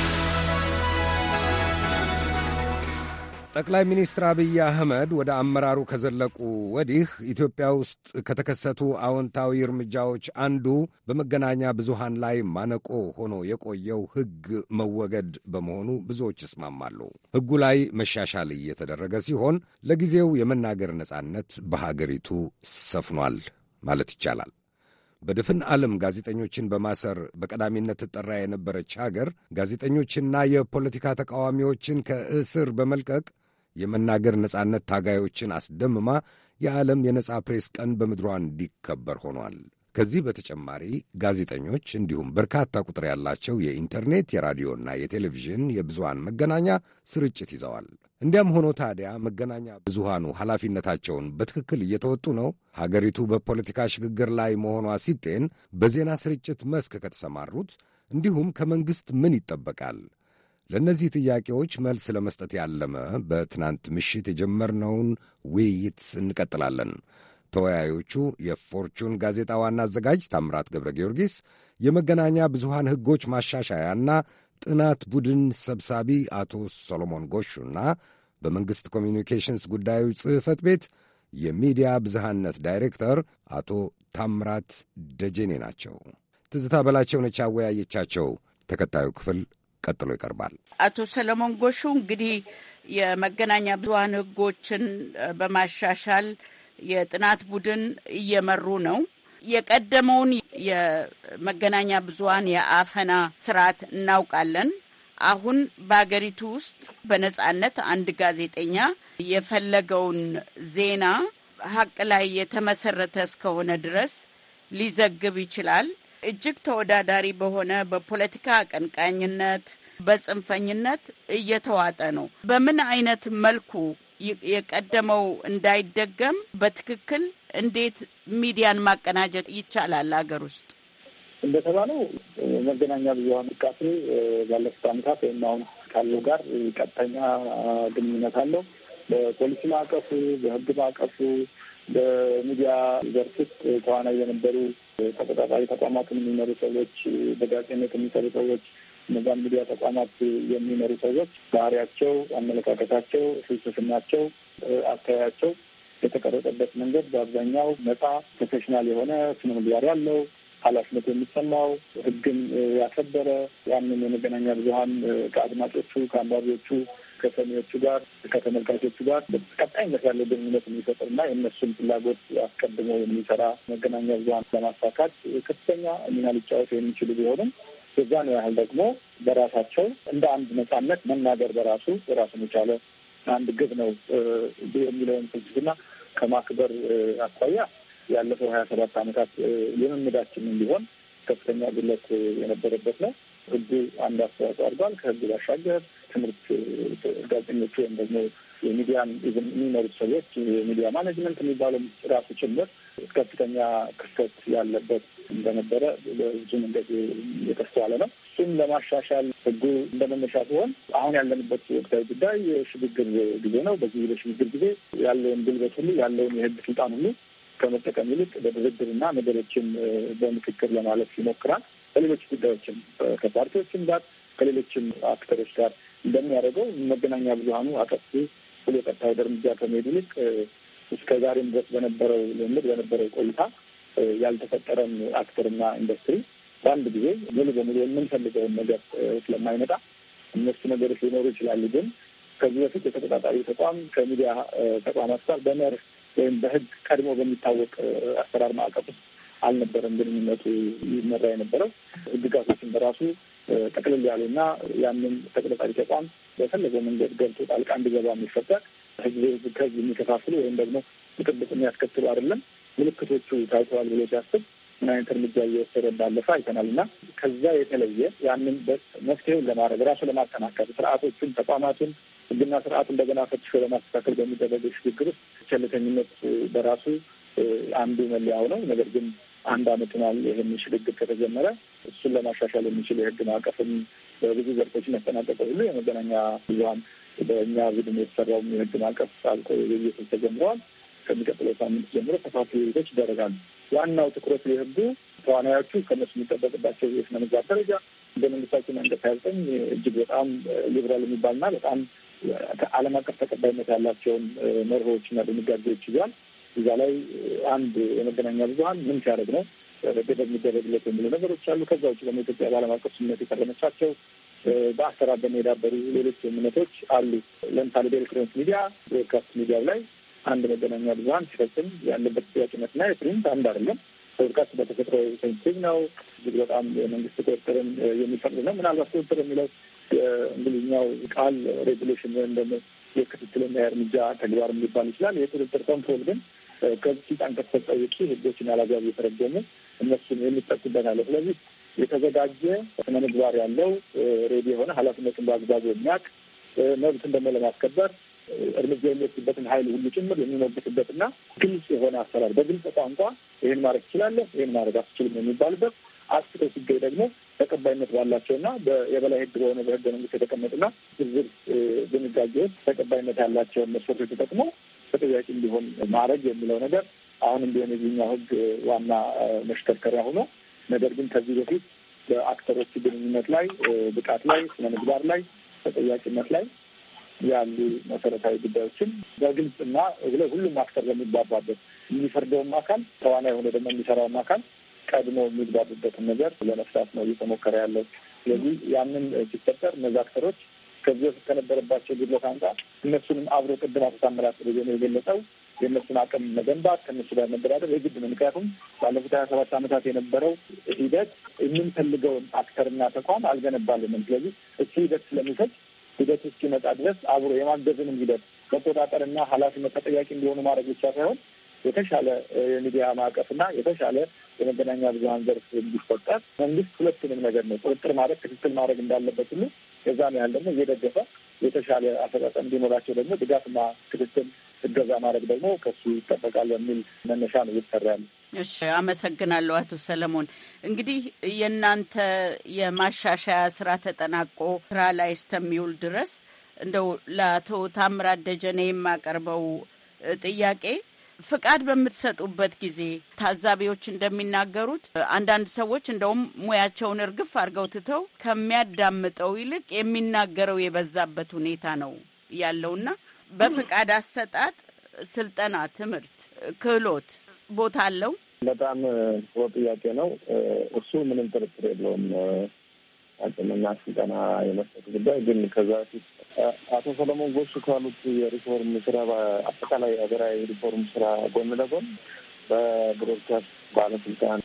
ጠቅላይ ሚኒስትር አብይ አህመድ ወደ አመራሩ ከዘለቁ ወዲህ ኢትዮጵያ ውስጥ ከተከሰቱ አዎንታዊ እርምጃዎች አንዱ በመገናኛ ብዙሃን ላይ ማነቆ ሆኖ የቆየው ሕግ መወገድ በመሆኑ ብዙዎች ይስማማሉ። ሕጉ ላይ መሻሻል እየተደረገ ሲሆን ለጊዜው የመናገር ነጻነት በሀገሪቱ ሰፍኗል ማለት ይቻላል። በድፍን ዓለም ጋዜጠኞችን በማሰር በቀዳሚነት ትጠራ የነበረች ሀገር ጋዜጠኞችና የፖለቲካ ተቃዋሚዎችን ከእስር በመልቀቅ የመናገር ነጻነት ታጋዮችን አስደምማ የዓለም የነጻ ፕሬስ ቀን በምድሯ እንዲከበር ሆኗል። ከዚህ በተጨማሪ ጋዜጠኞች እንዲሁም በርካታ ቁጥር ያላቸው የኢንተርኔት የራዲዮና የቴሌቪዥን የብዙሃን መገናኛ ስርጭት ይዘዋል። እንዲያም ሆኖ ታዲያ መገናኛ ብዙሃኑ ኃላፊነታቸውን በትክክል እየተወጡ ነው? ሀገሪቱ በፖለቲካ ሽግግር ላይ መሆኗ ሲጤን በዜና ስርጭት መስክ ከተሰማሩት እንዲሁም ከመንግሥት ምን ይጠበቃል? ለእነዚህ ጥያቄዎች መልስ ለመስጠት ያለመ በትናንት ምሽት የጀመርነውን ውይይት እንቀጥላለን። ተወያዮቹ የፎርቹን ጋዜጣ ዋና አዘጋጅ ታምራት ገብረ ጊዮርጊስ፣ የመገናኛ ብዙሃን ሕጎች ማሻሻያና ጥናት ቡድን ሰብሳቢ አቶ ሰሎሞን ጎሹና በመንግሥት ኮሚኒኬሽንስ ጉዳዮች ጽሕፈት ቤት የሚዲያ ብዝሃነት ዳይሬክተር አቶ ታምራት ደጀኔ ናቸው። ትዝታ በላቸው ነች አወያየቻቸው። ተከታዩ ክፍል ቀጥሎ ይቀርባል። አቶ ሰለሞን ጎሹ እንግዲህ የመገናኛ ብዙሀን ህጎችን በማሻሻል የጥናት ቡድን እየመሩ ነው። የቀደመውን የመገናኛ ብዙሀን የአፈና ስርዓት እናውቃለን። አሁን በሀገሪቱ ውስጥ በነጻነት አንድ ጋዜጠኛ የፈለገውን ዜና ሀቅ ላይ የተመሰረተ እስከሆነ ድረስ ሊዘግብ ይችላል። እጅግ ተወዳዳሪ በሆነ በፖለቲካ አቀንቃኝነት፣ በጽንፈኝነት እየተዋጠ ነው። በምን አይነት መልኩ የቀደመው እንዳይደገም በትክክል እንዴት ሚዲያን ማቀናጀት ይቻላል አገር ውስጥ? እንደተባለው መገናኛ ብዙኃን ንቃሴ ባለፉት ዓመታት ወይም አሁን ካለው ጋር ቀጥተኛ ግንኙነት አለው። በፖሊሲ ማዕቀፉ፣ በህግ ማዕቀፉ በሚዲያ ዘርፍ ውስጥ ተዋናይ የነበሩ ተቆጣጣሪ ተቋማትን የሚመሩ ሰዎች፣ በጋዜጠኝነት የሚሰሩ ሰዎች፣ እነዛን ሚዲያ ተቋማት የሚመሩ ሰዎች ባህሪያቸው፣ አመለካከታቸው፣ ፍልስፍናቸው፣ አተያያቸው የተቀረጠበት መንገድ በአብዛኛው ነጻ ፕሮፌሽናል የሆነ ስነ ምግባር ያለው ኃላፊነት የሚሰማው ህግን ያከበረ ያንን የመገናኛ ብዙኃን ከአድማጮቹ ከአንባቢዎቹ ከተሚዎቹ ጋር ከተመልካቾቹ ጋር ቀጣይነት ያለው ግንኙነት የሚፈጥር እና የእነሱን ፍላጎት አስቀድሞ የሚሰራ መገናኛ ብዙኃን ለማሳካት ከፍተኛ ሚና ሊጫወቱ የሚችሉ ቢሆንም የዛን ያህል ደግሞ በራሳቸው እንደ አንድ ነጻነት መናገር በራሱ ራሱን የቻለ አንድ ግብ ነው የሚለውን ፍልስፍና ከማክበር አኳያ ያለፈው ሀያ ሰባት ዓመታት ልምምዳችንም ቢሆን ከፍተኛ ግለት የነበረበት ነው። ህጉ አንድ አስተዋጽኦ አድርጓል። ከህጉ ባሻገር የትምህርት ጋዜጠኞቹ ወይም ደግሞ የሚዲያን የሚመሩት ሰዎች የሚዲያ ማኔጅመንት የሚባለው ራሱ ጭምር ከፍተኛ ክፍተት ያለበት እንደነበረ በብዙ መንገድ የተስተዋለ ነው። እሱም ለማሻሻል ህጉ እንደመነሻ ሲሆን አሁን ያለንበት ወቅታዊ ጉዳይ የሽግግር ጊዜ ነው። በዚህ በሽግግር ጊዜ ያለውን ጉልበት ሁሉ ያለውን የህግ ስልጣን ሁሉ ከመጠቀም ይልቅ በድርድርና ነገሮችን በምክክር ለማለፍ ይሞክራል። ከሌሎች ጉዳዮችም ከፓርቲዎችም ጋር ከሌሎችም አክተሮች ጋር እንደሚያደርገው መገናኛ ብዙኃኑ አጠፉ ብሎ ቀጣይ እርምጃ ከመሄድ ይልቅ እስከ ዛሬም ድረስ በነበረው ልምድ በነበረው ቆይታ ያልተፈጠረን አክተርና ኢንዱስትሪ በአንድ ጊዜ ሙሉ በሙሉ የምንፈልገውን ነገር ስለማይመጣ እነሱ ነገሮች ሊኖሩ ይችላሉ። ግን ከዚህ በፊት የተቆጣጣሪ ተቋም ከሚዲያ ተቋማት ጋር በመርህ ወይም በህግ ቀድሞ በሚታወቅ አሰራር ማዕቀፍ ውስጥ አልነበረም ግንኙነቱ ይመራ የነበረው ህግጋቶችን በራሱ ጠቅልል ያሉና ያንን ተቆጣጣሪ ተቋም በፈለገው መንገድ ገብቶ ጣልቃ እንዲገባ የሚፈጠር ህዝብ ከህዝብ የሚከፋፍሉ ወይም ደግሞ ብጥብጥ የሚያስከትሉ አይደለም። ምልክቶቹ ታይተዋል ብሎ ሲያስብ ምን አይነት እርምጃ እየወሰደ እንዳለፈ አይተናል እና ከዛ የተለየ ያንን መፍትሄውን ለማድረግ ራሱ ለማጠናከር ስርዓቶቹን፣ ተቋማቱን ህግና ስርአቱ እንደገና ፈትሾ ለማስተካከል በሚደረገው ሽግግር ውስጥ ቸልተኝነት በራሱ አንዱ መለያው ነው። ነገር ግን አንድ አመት ሆኗል ይህን ሽግግር ከተጀመረ እሱን ለማሻሻል የሚችል የህግ ማዕቀፍም በብዙ ዘርፎች መጠናቀቀ ሁሉ የመገናኛ ብዙሀን በእኛ ቡድን የተሰራውም የህግ ማዕቀፍ አልቆ ውይይት ተጀምረዋል። ከሚቀጥለው ሳምንት ጀምሮ ተፋፊ ውይይቶች ይደረጋሉ። ዋናው ትኩረት የህጉ ተዋናዮቹ ከነሱ የሚጠበቅባቸው የስነ ምግባር ደረጃ እንደ መንግስታችን አንቀጽ ሃያ ዘጠኝ እጅግ በጣም ሊብራል የሚባልና በጣም ዓለም አቀፍ ተቀባይነት ያላቸውን መርሆዎችና ድንጋጌዎች ይዟል። እዛ ላይ አንድ የመገናኛ ብዙሀን ምን ሲያደርግ ነው ገደብ የሚደረግለት የሚሉ ነገሮች አሉ። ከዛ ውጭ ደግሞ ኢትዮጵያ በዓለም አቀፍ ስምምነት የፈረመቻቸው በአሰራር ደግሞ የዳበሩ ሌሎች ስምምነቶች አሉ። ለምሳሌ በኤሌክትሮኒክ ሚዲያ ብሮድካስት ሚዲያው ላይ አንድ መገናኛ ብዙሀን ሲፈጽም ያለበት ጥያቄነትና የፕሪንት አንድ አይደለም። ብሮድካስት በተፈጥሮ ሴንሲቲቭ ነው። እጅግ በጣም የመንግስት ቁጥጥርን የሚፈቅድ ነው። ምናልባት ቁጥጥር የሚለው እንግሊዝኛው ቃል ሬጉሌሽን ወይም ደግሞ የክትትልና የእርምጃ ተግባር ሊባል ይችላል። የቁጥጥር ኮንትሮል ግን ከዚህ ስልጣን ከተሰጠ ውጪ ህጎችን ያላግባብ የተረጎሙ እነሱን የሚጠቁበት አለ። ስለዚህ የተዘጋጀ ስነ ምግባር ያለው ሬዲ የሆነ ኃላፊነትን በአግባቡ የሚያውቅ መብትን ደግሞ ለማስከበር እርምጃ የሚወስድበትን ኃይል ሁሉ ጭምር የሚሞግትበትና ግልጽ የሆነ አሰራር በግልጽ ቋንቋ ይህን ማድረግ ትችላለህ፣ ይህን ማድረግ አትችልም የሚባልበት አስቶ ሲገኝ ደግሞ ተቀባይነት ባላቸው ባላቸውና የበላይ ህግ በሆነ በህገ መንግስት የተቀመጡና ዝርዝር ድንጋጌዎች ተቀባይነት ያላቸውን መስፈርቶች ተጠቅሞ ተጠያቂ እንዲሆን ማድረግ የሚለው ነገር አሁንም ቢሆን የዚህኛው ህግ ዋና መሽከርከሪያ ሆኖ ነገር ግን ከዚህ በፊት በአክተሮች ግንኙነት ላይ፣ ብቃት ላይ፣ ስነ ምግባር ላይ፣ ተጠያቂነት ላይ ያሉ መሰረታዊ ጉዳዮችን በግልጽ እና ሁሉም አክተር በሚግባባበት የሚፈርደውም አካል ተዋና የሆነ ደግሞ የሚሰራውም አካል ቀድሞ የሚግባቡበትን ነገር ለመፍታት ነው እየተሞከረ ያለው። ስለዚህ ያንን ሲፈጠር እነዚ አክተሮች ከዚህ በፊት ከነበረባቸው ጉድለት አንጻር እነሱንም አብሮ ቅድም አቶ ታምራት የገለጸው የእነሱን አቅም መገንባት ከእነሱ ጋር መደራደር የግድ ነው። ምክንያቱም ባለፉት ሀያ ሰባት ዓመታት የነበረው ሂደት የምንፈልገውን አክተርና ተቋም አልገነባልንም። ስለዚህ እሱ ሂደት ስለሚሰጥ ሂደት እስኪመጣ ድረስ አብሮ የማገዝንም ሂደት መቆጣጠርና ኃላፊነት ተጠያቂ እንዲሆኑ ማድረግ ብቻ ሳይሆን የተሻለ የሚዲያ ማዕቀፍና የተሻለ የመገናኛ ብዙሀን ዘርፍ እንዲፈጠር መንግስት ሁለቱንም ነገር ነው ቁጥጥር ማድረግ ክትትል ማድረግ እንዳለበት ሁሉ የዛን ያህል ደግሞ እየደገፈ የተሻለ አፈጻጸም እንዲኖራቸው ደግሞ ድጋፍና ክትትል እገዛ ማድረግ ደግሞ ከሱ ይጠበቃል በሚል መነሻ ነው እየተሰራ ያለ። እሺ፣ አመሰግናለሁ አቶ ሰለሞን። እንግዲህ የእናንተ የማሻሻያ ስራ ተጠናቆ ስራ ላይ እስከሚውል ድረስ እንደው ለአቶ ታምራት ደጀኔ የማቀርበው ጥያቄ ፍቃድ በምትሰጡበት ጊዜ ታዛቢዎች እንደሚናገሩት አንዳንድ ሰዎች እንደውም ሙያቸውን እርግፍ አድርገው ትተው ከሚያዳምጠው ይልቅ የሚናገረው የበዛበት ሁኔታ ነው ያለውና በፍቃድ አሰጣጥ ስልጠና፣ ትምህርት፣ ክህሎት ቦታ አለው? በጣም ጥሩ ጥያቄ ነው። እሱ ምንም ጥርጥር የለውም። አቅምና ስልጠና የመስጠት ጉዳይ ግን ከዛ ፊት አቶ ሰለሞን ጎሹ ካሉት የሪፎርም ስራ አጠቃላይ ሀገራዊ ሪፎርም ስራ ጎን ለጎን በብሮድካስት ባለስልጣን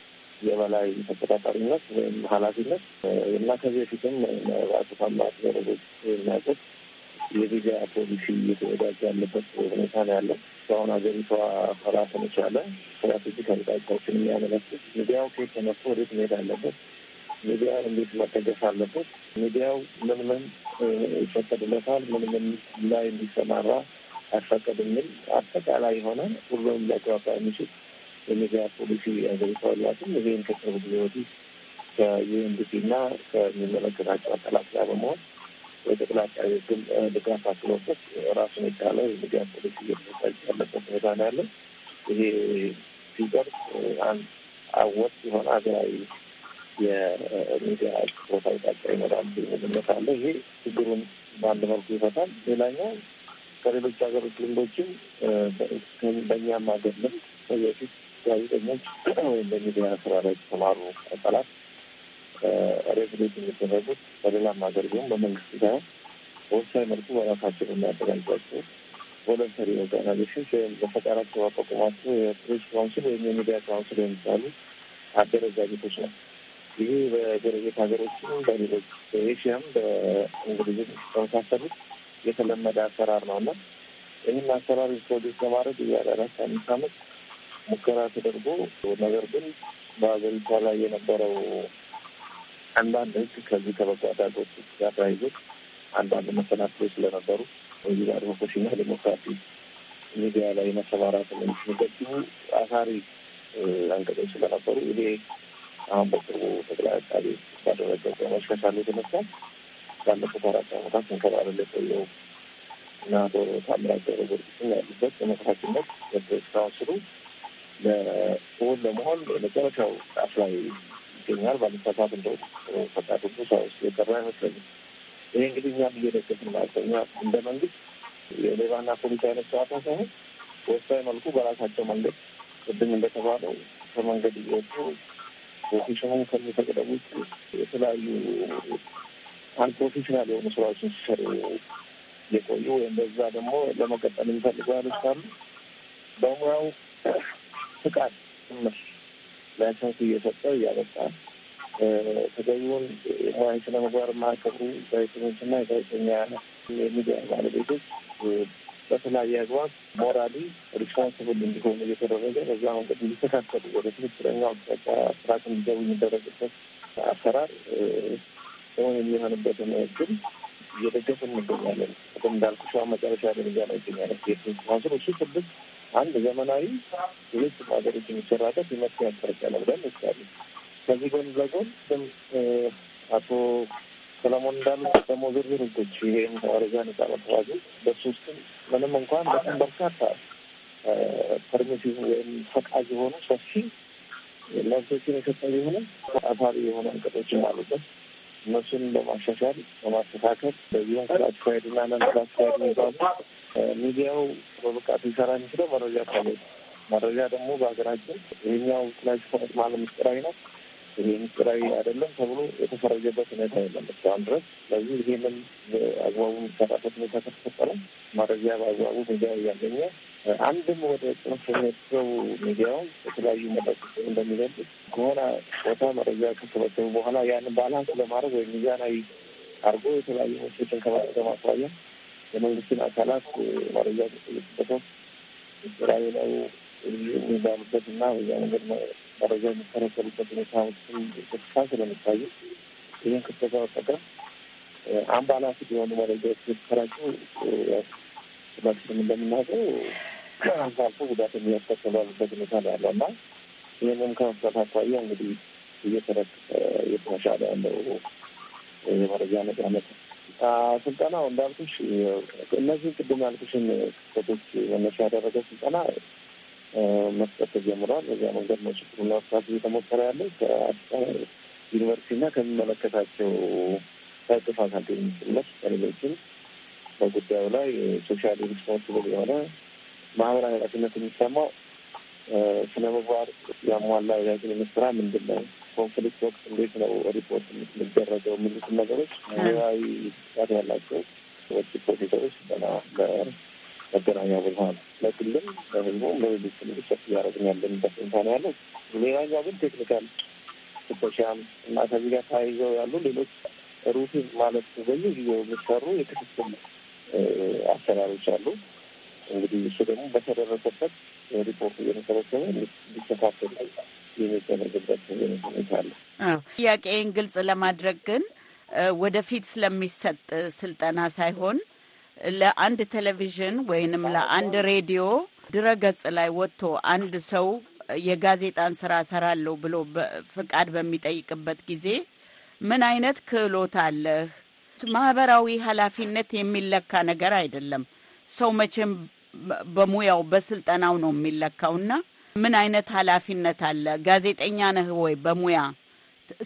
የበላይ ተቆጣጣሪነት ወይም ኃላፊነት እና ከዚህ ፊትም አቶ ታምራት ዘረጎች የሚያውቁት የቪዛ ፖሊሲ እየተወዳጅ ያለበት ሁኔታ ነው ያለው። አሁን ሀገሪቷ ራሱን የቻለ ስትራቴጂክ አቅጣጫዎችን የሚያመለክት ሚዲያው ከየት ተነስቶ ወዴት መሄድ አለበት፣ ሚዲያ እንዴት መደገፍ አለበት፣ ሚዲያው ምን ምን ይፈቀድለታል፣ ምን ምን ላይ እንዲሰማራ አይፈቀድ የሚል አጠቃላይ የሆነ ሁሉም ሊያግባባ የሚችል የሚዲያ ፖሊሲ ሀገሪቷ ያላትም ይሄን ከቅርብ ጊዜ ወዲህ ከዩኤንዲፒ እና ከሚመለከታቸው አካላት ጋር በመሆን ወደ ጥላቻ ግን ድጋፍ አስኖበት ራሱን የቻለ የድጋፍ ፖሊሲ እየተሰጠ ያለበት ሁኔታ ነው ያለን። ይሄ ሲደርስ አንድ አወት የሆነ ሀገራዊ የሚዲያ ቦታ አቅጣጫ ይመጣል ምነት አለ። ይሄ ችግሩን በአንድ መልኩ ይፈታል። ሌላኛው ከሌሎች ሀገሮች ልምዶችም በእኛም ሀገር ልምድ ከዚህ ጋዜጠኞች ወይም በሚዲያ ስራ ላይ የተሰማሩ አካላት ሬጉሌት የሚደረጉት በሌላም ሀገር ቢሆን በመንግስት ሳይሆን በወሳኝ መልኩ በራሳቸው የሚያደረጓቸው ቮለንተሪ ኦርጋናይዜሽን ወይም በፈቃዳቸው አቋቁሟቸው የፕሬስ ካውንስል ወይም የሚዲያ ካውንስል የሚባሉ አደረጃጀቶች ነው። ይህ በጎረቤት ሀገሮችም በሌሎች በኤሽያም በእንግሊዝም በመሳሰሉት የተለመደ አሰራር ነው እና ይህን አሰራር ፕሮጀክት ለማድረግ እያለ አራት አምስት አመት ሙከራ ተደርጎ ነገር ግን በሀገሪቷ ላይ የነበረው አንዳንድ ህግ ከዚህ ከበጎ አድራጎት ጋር ተያይዞ አንዳንድ መሰናክሎች ስለነበሩ እዚህ አድቮኮሲና ዴሞክራሲ ሚዲያ ላይ መሰማራት የሚገቡ አሳሪ አንቀጾች ስለነበሩ ይሄ አሁን በቅርቡ ጠቅላይ አቃቢ ባደረገው በመሻሻሉ የተነሳ ባለፉት አራት ዓመታት እንከባለል ቆየው እና ዶሮ ታምራት ዶሮ ጊዮርጊስን ያሉበት በመስራችነት በፕሬስ ካውንስሉ ለሁን ለመሆን መጨረሻው ጫፍ ላይ ይገኛል። ባለፈው ሰዓት እንደው ፈቃድ ሁሉ ሳይወስድ የቀረ አይመስለኝም። ይሄ እንግዲህ እኛም እየደገፍን ማለት ነው። እንደ መንግስት የሌባና ፖሊስ አይነት ስርዓትን ሳይሆን በወሳኝ መልኩ በራሳቸው መንገድ ቅድም እንደተባለው ከመንገድ እየወጡ ፕሮፌሽኑን ከሚፈቅደው ውጭ የተለያዩ አንፕሮፌሽናል የሆኑ ስራዎችን ሲሰሩ የቆዩ ወይም በዛ ደግሞ ለመቀጠል የሚፈልጉ ያሎች ካሉ በሙያው ፍቃድ ጭምር ላይሰንሱ እየሰጠ እያበጣ ተገቢውን የሙያ ስነ ምግባር የማያከብሩ ጋዜጠኞችና የጋዜጠኛ የሚዲያ ባለቤቶች በተለያየ አግባብ ሞራሊ ሪስፖንስብል እንዲሆኑ እየተደረገ በዛ መንገድ እንዲተካከሉ ወደ ትክክለኛው አቅጣጫ ስርዓት እንዲገቡ የሚደረግበት አሰራር ሆን የሚሆንበትን እድል እየደገፍን እንገኛለን። ቅድም እንዳልኩሽ መጨረሻ ደረጃ ላይ ይገኛለን። የትንስ ማስር እሱ ትልቅ አንድ ዘመናዊ ሁለት ሀገሮች የሚሰራበት ይመስል ይመስ ያስፈርቀለ ብለን ይስላለን። ከዚህ ጎን ለጎን አቶ ሰለሞን እንዳሉ ደግሞ ዝርዝር ህጎች ይሄም መረጃ ነጻ መተዋወቅ በሱ ውስጥም ምንም እንኳን በጣም በርካታ ፐርሚሲቭ ወይም ፈቃጅ የሆኑ ሰፊ መብቶችን የሰጠ ቢሆንም አሳሪ የሆነ እንቅጦችም አሉበት። እነሱን በማሻሻል በማስተካከል በዚህም ክላስፋይድ እና ነን ክላስፋይድ የሚባሉ ሚዲያው በብቃት ሊሰራ የሚችለው መረጃ ካለ መረጃ ደግሞ በሀገራችን ይህኛው ክላሲፋይድ ማለት ምስጢራዊ ነው፣ ይሄ ምስጢራዊ አይደለም ተብሎ የተፈረጀበት ሁኔታ የለም እስካሁን ድረስ። ስለዚህ ይህንን አግባቡ የሚሰራበት ሁኔታ ከተፈጠረ መረጃ በአግባቡ ሚዲያ እያገኘ አንድም ወደ ጽንፍ የሚሄደው ሚዲያውም የተለያዩ መለክት እንደሚገልጽ ከሆነ ቦታ መረጃ ከሰበሰቡ በኋላ ያን ባላንስ ለማድረግ ወይም ሚዛናዊ አድርጎ የተለያዩ መቼትን ከማስዋያ የመንግስትን አካላት መረጃ ተሰበሰቡበት ስራዊ ላይ የሚባሉበት እና በዚያ መንገድ መረጃ የሚከረከሉበት ሁኔታ ተስፋ ስለሚታዩ ይህን ክፍተት በመጠቀም አምባላንስ የሆኑ መረጃዎች ሲከራቸው ሁላችንም እንደምናውቀው ከአልፎ አልፎ ጉዳት የሚያስከትሉበት ሁኔታ ነው ያለው እና ይህንም ከመፍታት አኳያ እንግዲህ እየተረከሰ የተሻለ ያለው የመረጃ ነጻነት ስልጠናው እንዳልኩሽ እነዚህ ቅድም ያልኩሽን ክስተቶች መነሻ ያደረገ ስልጠና መስጠት ተጀምሯል። በዚያ መንገድ ነው ችግሩን ለመፍታት እየተሞከረ ያለ ከአዲስ ዩኒቨርሲቲና ከሚመለከታቸው ከጥፋት አንዱ ጭምር ከሌሎችም በጉዳዩ ላይ ሶሻል ሪስፖንስብል የሆነ ማህበራዊ ኃላፊነት የሚሰማው ስነ ምግባር ያሟላ የዳኝነት ስራ ምንድን ነው? ኮንፍሊክት ወቅት እንዴት ነው ሪፖርት የሚደረገው? የሚሉትን ነገሮች ሙያዊ ጥቃት ያላቸው ወጭ ፕሮፌሰሮች ገና መገናኛ ብዙኃን ለግልም ለህዝቡ ለሌሎች እንዲሰጥ እያደረግን ያለንበት ሁኔታ ነው ያለው። ሌላኛው ግን ቴክኒካል ስኮሻም እና ከዚህ ጋር ተያይዘው ያሉ ሌሎች ሩቲን ማለት በየጊዜው የሚሰሩ የክትትል አሰራሮች አሉ። እንግዲህ እሱ ደግሞ በተደረሰበት ሪፖርት እየተሰበሰበ ሊተካፈል የሚደረግበት ሁኔታ አለ። ጥያቄን ግልጽ ለማድረግ ግን ወደፊት ስለሚሰጥ ስልጠና ሳይሆን ለአንድ ቴሌቪዥን ወይንም ለአንድ ሬዲዮ ድረገጽ ላይ ወጥቶ አንድ ሰው የጋዜጣን ስራ ሰራለሁ ብሎ ፍቃድ በሚጠይቅበት ጊዜ ምን አይነት ክህሎት አለህ ማህበራዊ ኃላፊነት የሚለካ ነገር አይደለም። ሰው መቼም በሙያው በስልጠናው ነው የሚለካውና ምን አይነት ኃላፊነት አለ? ጋዜጠኛ ነህ ወይ? በሙያ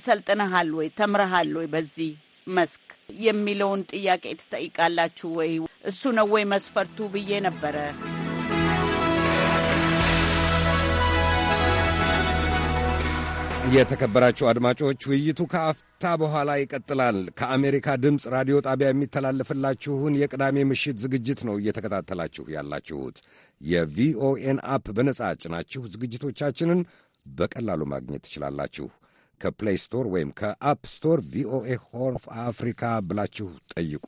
ሰልጥነሃል ወይ? ተምረሃል ወይ? በዚህ መስክ የሚለውን ጥያቄ ትጠይቃላችሁ ወይ? እሱ ነው ወይ መስፈርቱ ብዬ ነበረ። የተከበራችሁ አድማጮች ውይይቱ ከአፍታ በኋላ ይቀጥላል። ከአሜሪካ ድምፅ ራዲዮ ጣቢያ የሚተላለፍላችሁን የቅዳሜ ምሽት ዝግጅት ነው እየተከታተላችሁ ያላችሁት። የቪኦኤን አፕ በነጻ ጭናችሁ ዝግጅቶቻችንን በቀላሉ ማግኘት ትችላላችሁ። ከፕሌይ ስቶር ወይም ከአፕ ስቶር ቪኦኤ ሆርን ኦፍ አፍሪካ ብላችሁ ጠይቁ።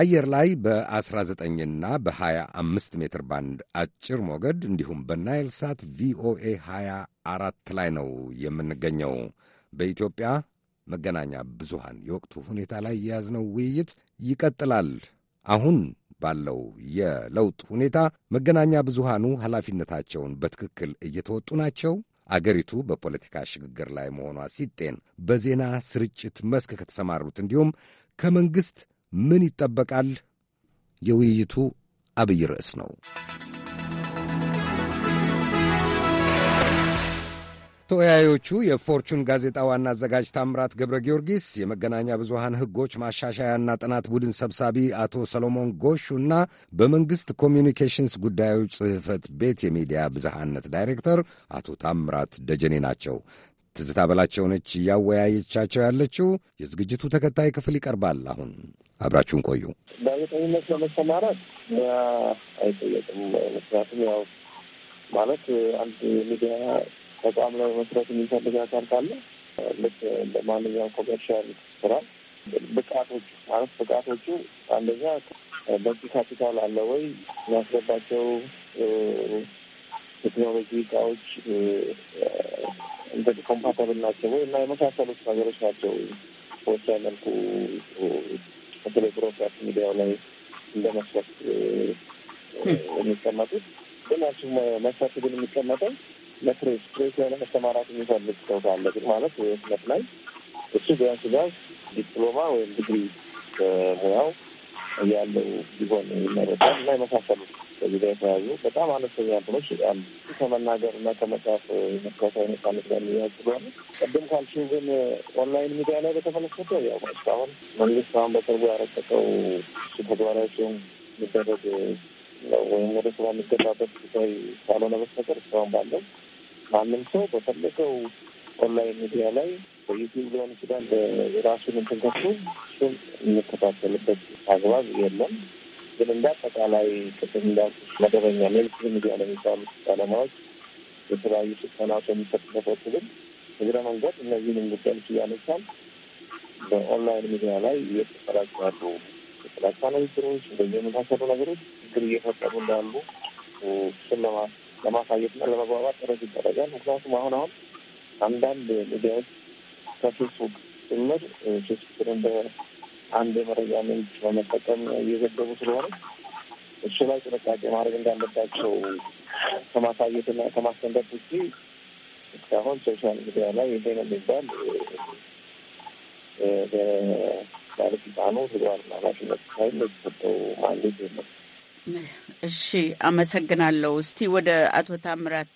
አየር ላይ በ19ና በ25 ሜትር ባንድ አጭር ሞገድ እንዲሁም በናይል ሳት ቪኦኤ 24 ላይ ነው የምንገኘው። በኢትዮጵያ መገናኛ ብዙሃን የወቅቱ ሁኔታ ላይ የያዝነው ውይይት ይቀጥላል። አሁን ባለው የለውጥ ሁኔታ መገናኛ ብዙሃኑ ኃላፊነታቸውን በትክክል እየተወጡ ናቸው? አገሪቱ በፖለቲካ ሽግግር ላይ መሆኗ ሲጤን በዜና ስርጭት መስክ ከተሰማሩት እንዲሁም ከመንግሥት ምን ይጠበቃል? የውይይቱ አብይ ርዕስ ነው። ተወያዮቹ የፎርቹን ጋዜጣ ዋና አዘጋጅ ታምራት ገብረ ጊዮርጊስ፣ የመገናኛ ብዙሃን ሕጎች ማሻሻያና ጥናት ቡድን ሰብሳቢ አቶ ሰሎሞን እና በመንግሥት ኮሚዩኒኬሽንስ ጉዳዮች ጽሕፈት ቤት የሚዲያ ብዝሃነት ዳይሬክተር አቶ ታምራት ደጀኔ ናቸው። ትዝታ በላቸው ነች እያወያየቻቸው ያለችው። የዝግጅቱ ተከታይ ክፍል ይቀርባል አሁን አብራችሁን ቆዩ። ጋዜጠኝነት ለመሰማራት ሙያ አይጠየቅም። ምክንያቱም ያው ማለት አንድ ሚዲያ ተቋም ላይ መስረት የሚፈልግ አካል ካለ ልክ እንደ ማንኛውም ኮሜርሻል ስራ ብቃቶቹ ማለት ብቃቶቹ አንደኛ በዚ ካፒታል አለ ወይ የሚያስገባቸው ቴክኖሎጂ እቃዎች እንደዚህ ኮምፓተብል ናቸው ወይ እና የመሳሰሉት ነገሮች ናቸው ወሳኝ መልኩ ብሎ ብሮድካስት ሚዲያው ላይ እንደመስረት የሚቀመጡት ግናችሁ መስፈርት ግን የሚቀመጠው ለፕሬስ ፕሬስ ላይ ለመሰማራት የሚፈልግ ሰው ካለ ግን ማለት ስነት ላይ እሱ ቢያንስ ቢያንስ ዲፕሎማ ወይም ዲግሪ ሙያው ያለው ቢሆን ይመረዳል እና የመሳሰሉት ከዚህ ጋር የተያዙ በጣም አነስተኛ እንትኖች አሉ። ከመናገር እና ከመጻፍ መካሳዊ ነጻነት ጋር የሚያዝ ስለሆነ ቅድም ካልሽው ግን ኦንላይን ሚዲያ ላይ በተመለከተ ያው እስካሁን መንግስት አሁን በቅርቡ ያረቀቀው ተግባራዊ ሲሆን የሚደረግ ወይም ወደ ስራ የሚገባበት ጉዳይ ካልሆነ በስተቀር እስካሁን ባለው ማንም ሰው በፈለገው ኦንላይን ሚዲያ ላይ በዩቲዩብ ሊሆን ይችላል የራሱን እንትን ከፍቶ እሱን የሚከታተልበት አግባብ የለም። ግን እንደ አጠቃላይ ቅድም እንዳልኩሽ መደበኛ ሜልክሪ ሚዲያ ለሚባሉ ባለሙያዎች የተለያዩ ስልጠናዎች የሚሰጥበት ክልል እግረ መንገድ እነዚህንም ጉዳዮች እያነሳን በኦንላይን ሚዲያ ላይ እየተሰራጩ ያሉ የጥላቻ ንግግሮች እንደዚህ የመሳሰሉ ነገሮች ችግር እየፈጠሩ እንዳሉ እሱን ለማሳየትና ለመግባባት ጥረት ይደረጋል። ምክንያቱም አሁን አሁን አንዳንድ ሚዲያዎች ከፌስቡክ ጭምር ፌስቡክን እንደ አንድ የመረጃ ምንጭ በመጠቀም እየዘገቡ ስለሆነ እሱ ላይ ጥንቃቄ ማድረግ እንዳለባቸው ከማሳየትና ከማስጠንቀቅ ውጭ እስካሁን ሶሻል ሚዲያ ላይ ይሄ ነው የሚባል ባለስልጣኑ ህዝባና ኃላፊነት ሳይል ተሰጠው ማንዴት የለም። እሺ አመሰግናለሁ። እስቲ ወደ አቶ ታምራት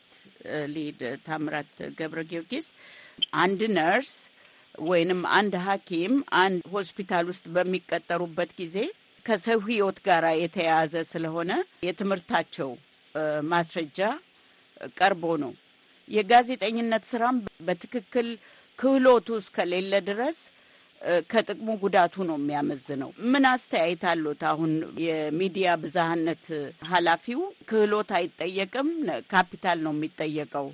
ሊድ ታምራት ገብረ ጊዮርጊስ አንድ ነርስ ወይንም አንድ ሐኪም አንድ ሆስፒታል ውስጥ በሚቀጠሩበት ጊዜ ከሰው ሕይወት ጋር የተያያዘ ስለሆነ የትምህርታቸው ማስረጃ ቀርቦ ነው። የጋዜጠኝነት ስራም በትክክል ክህሎቱ እስከሌለ ድረስ ከጥቅሙ ጉዳቱ ነው የሚያመዝነው። ምን አስተያየት አሉት? አሁን የሚዲያ ብዝሃነት ኃላፊው ክህሎት አይጠየቅም፣ ካፒታል ነው የሚጠየቀው።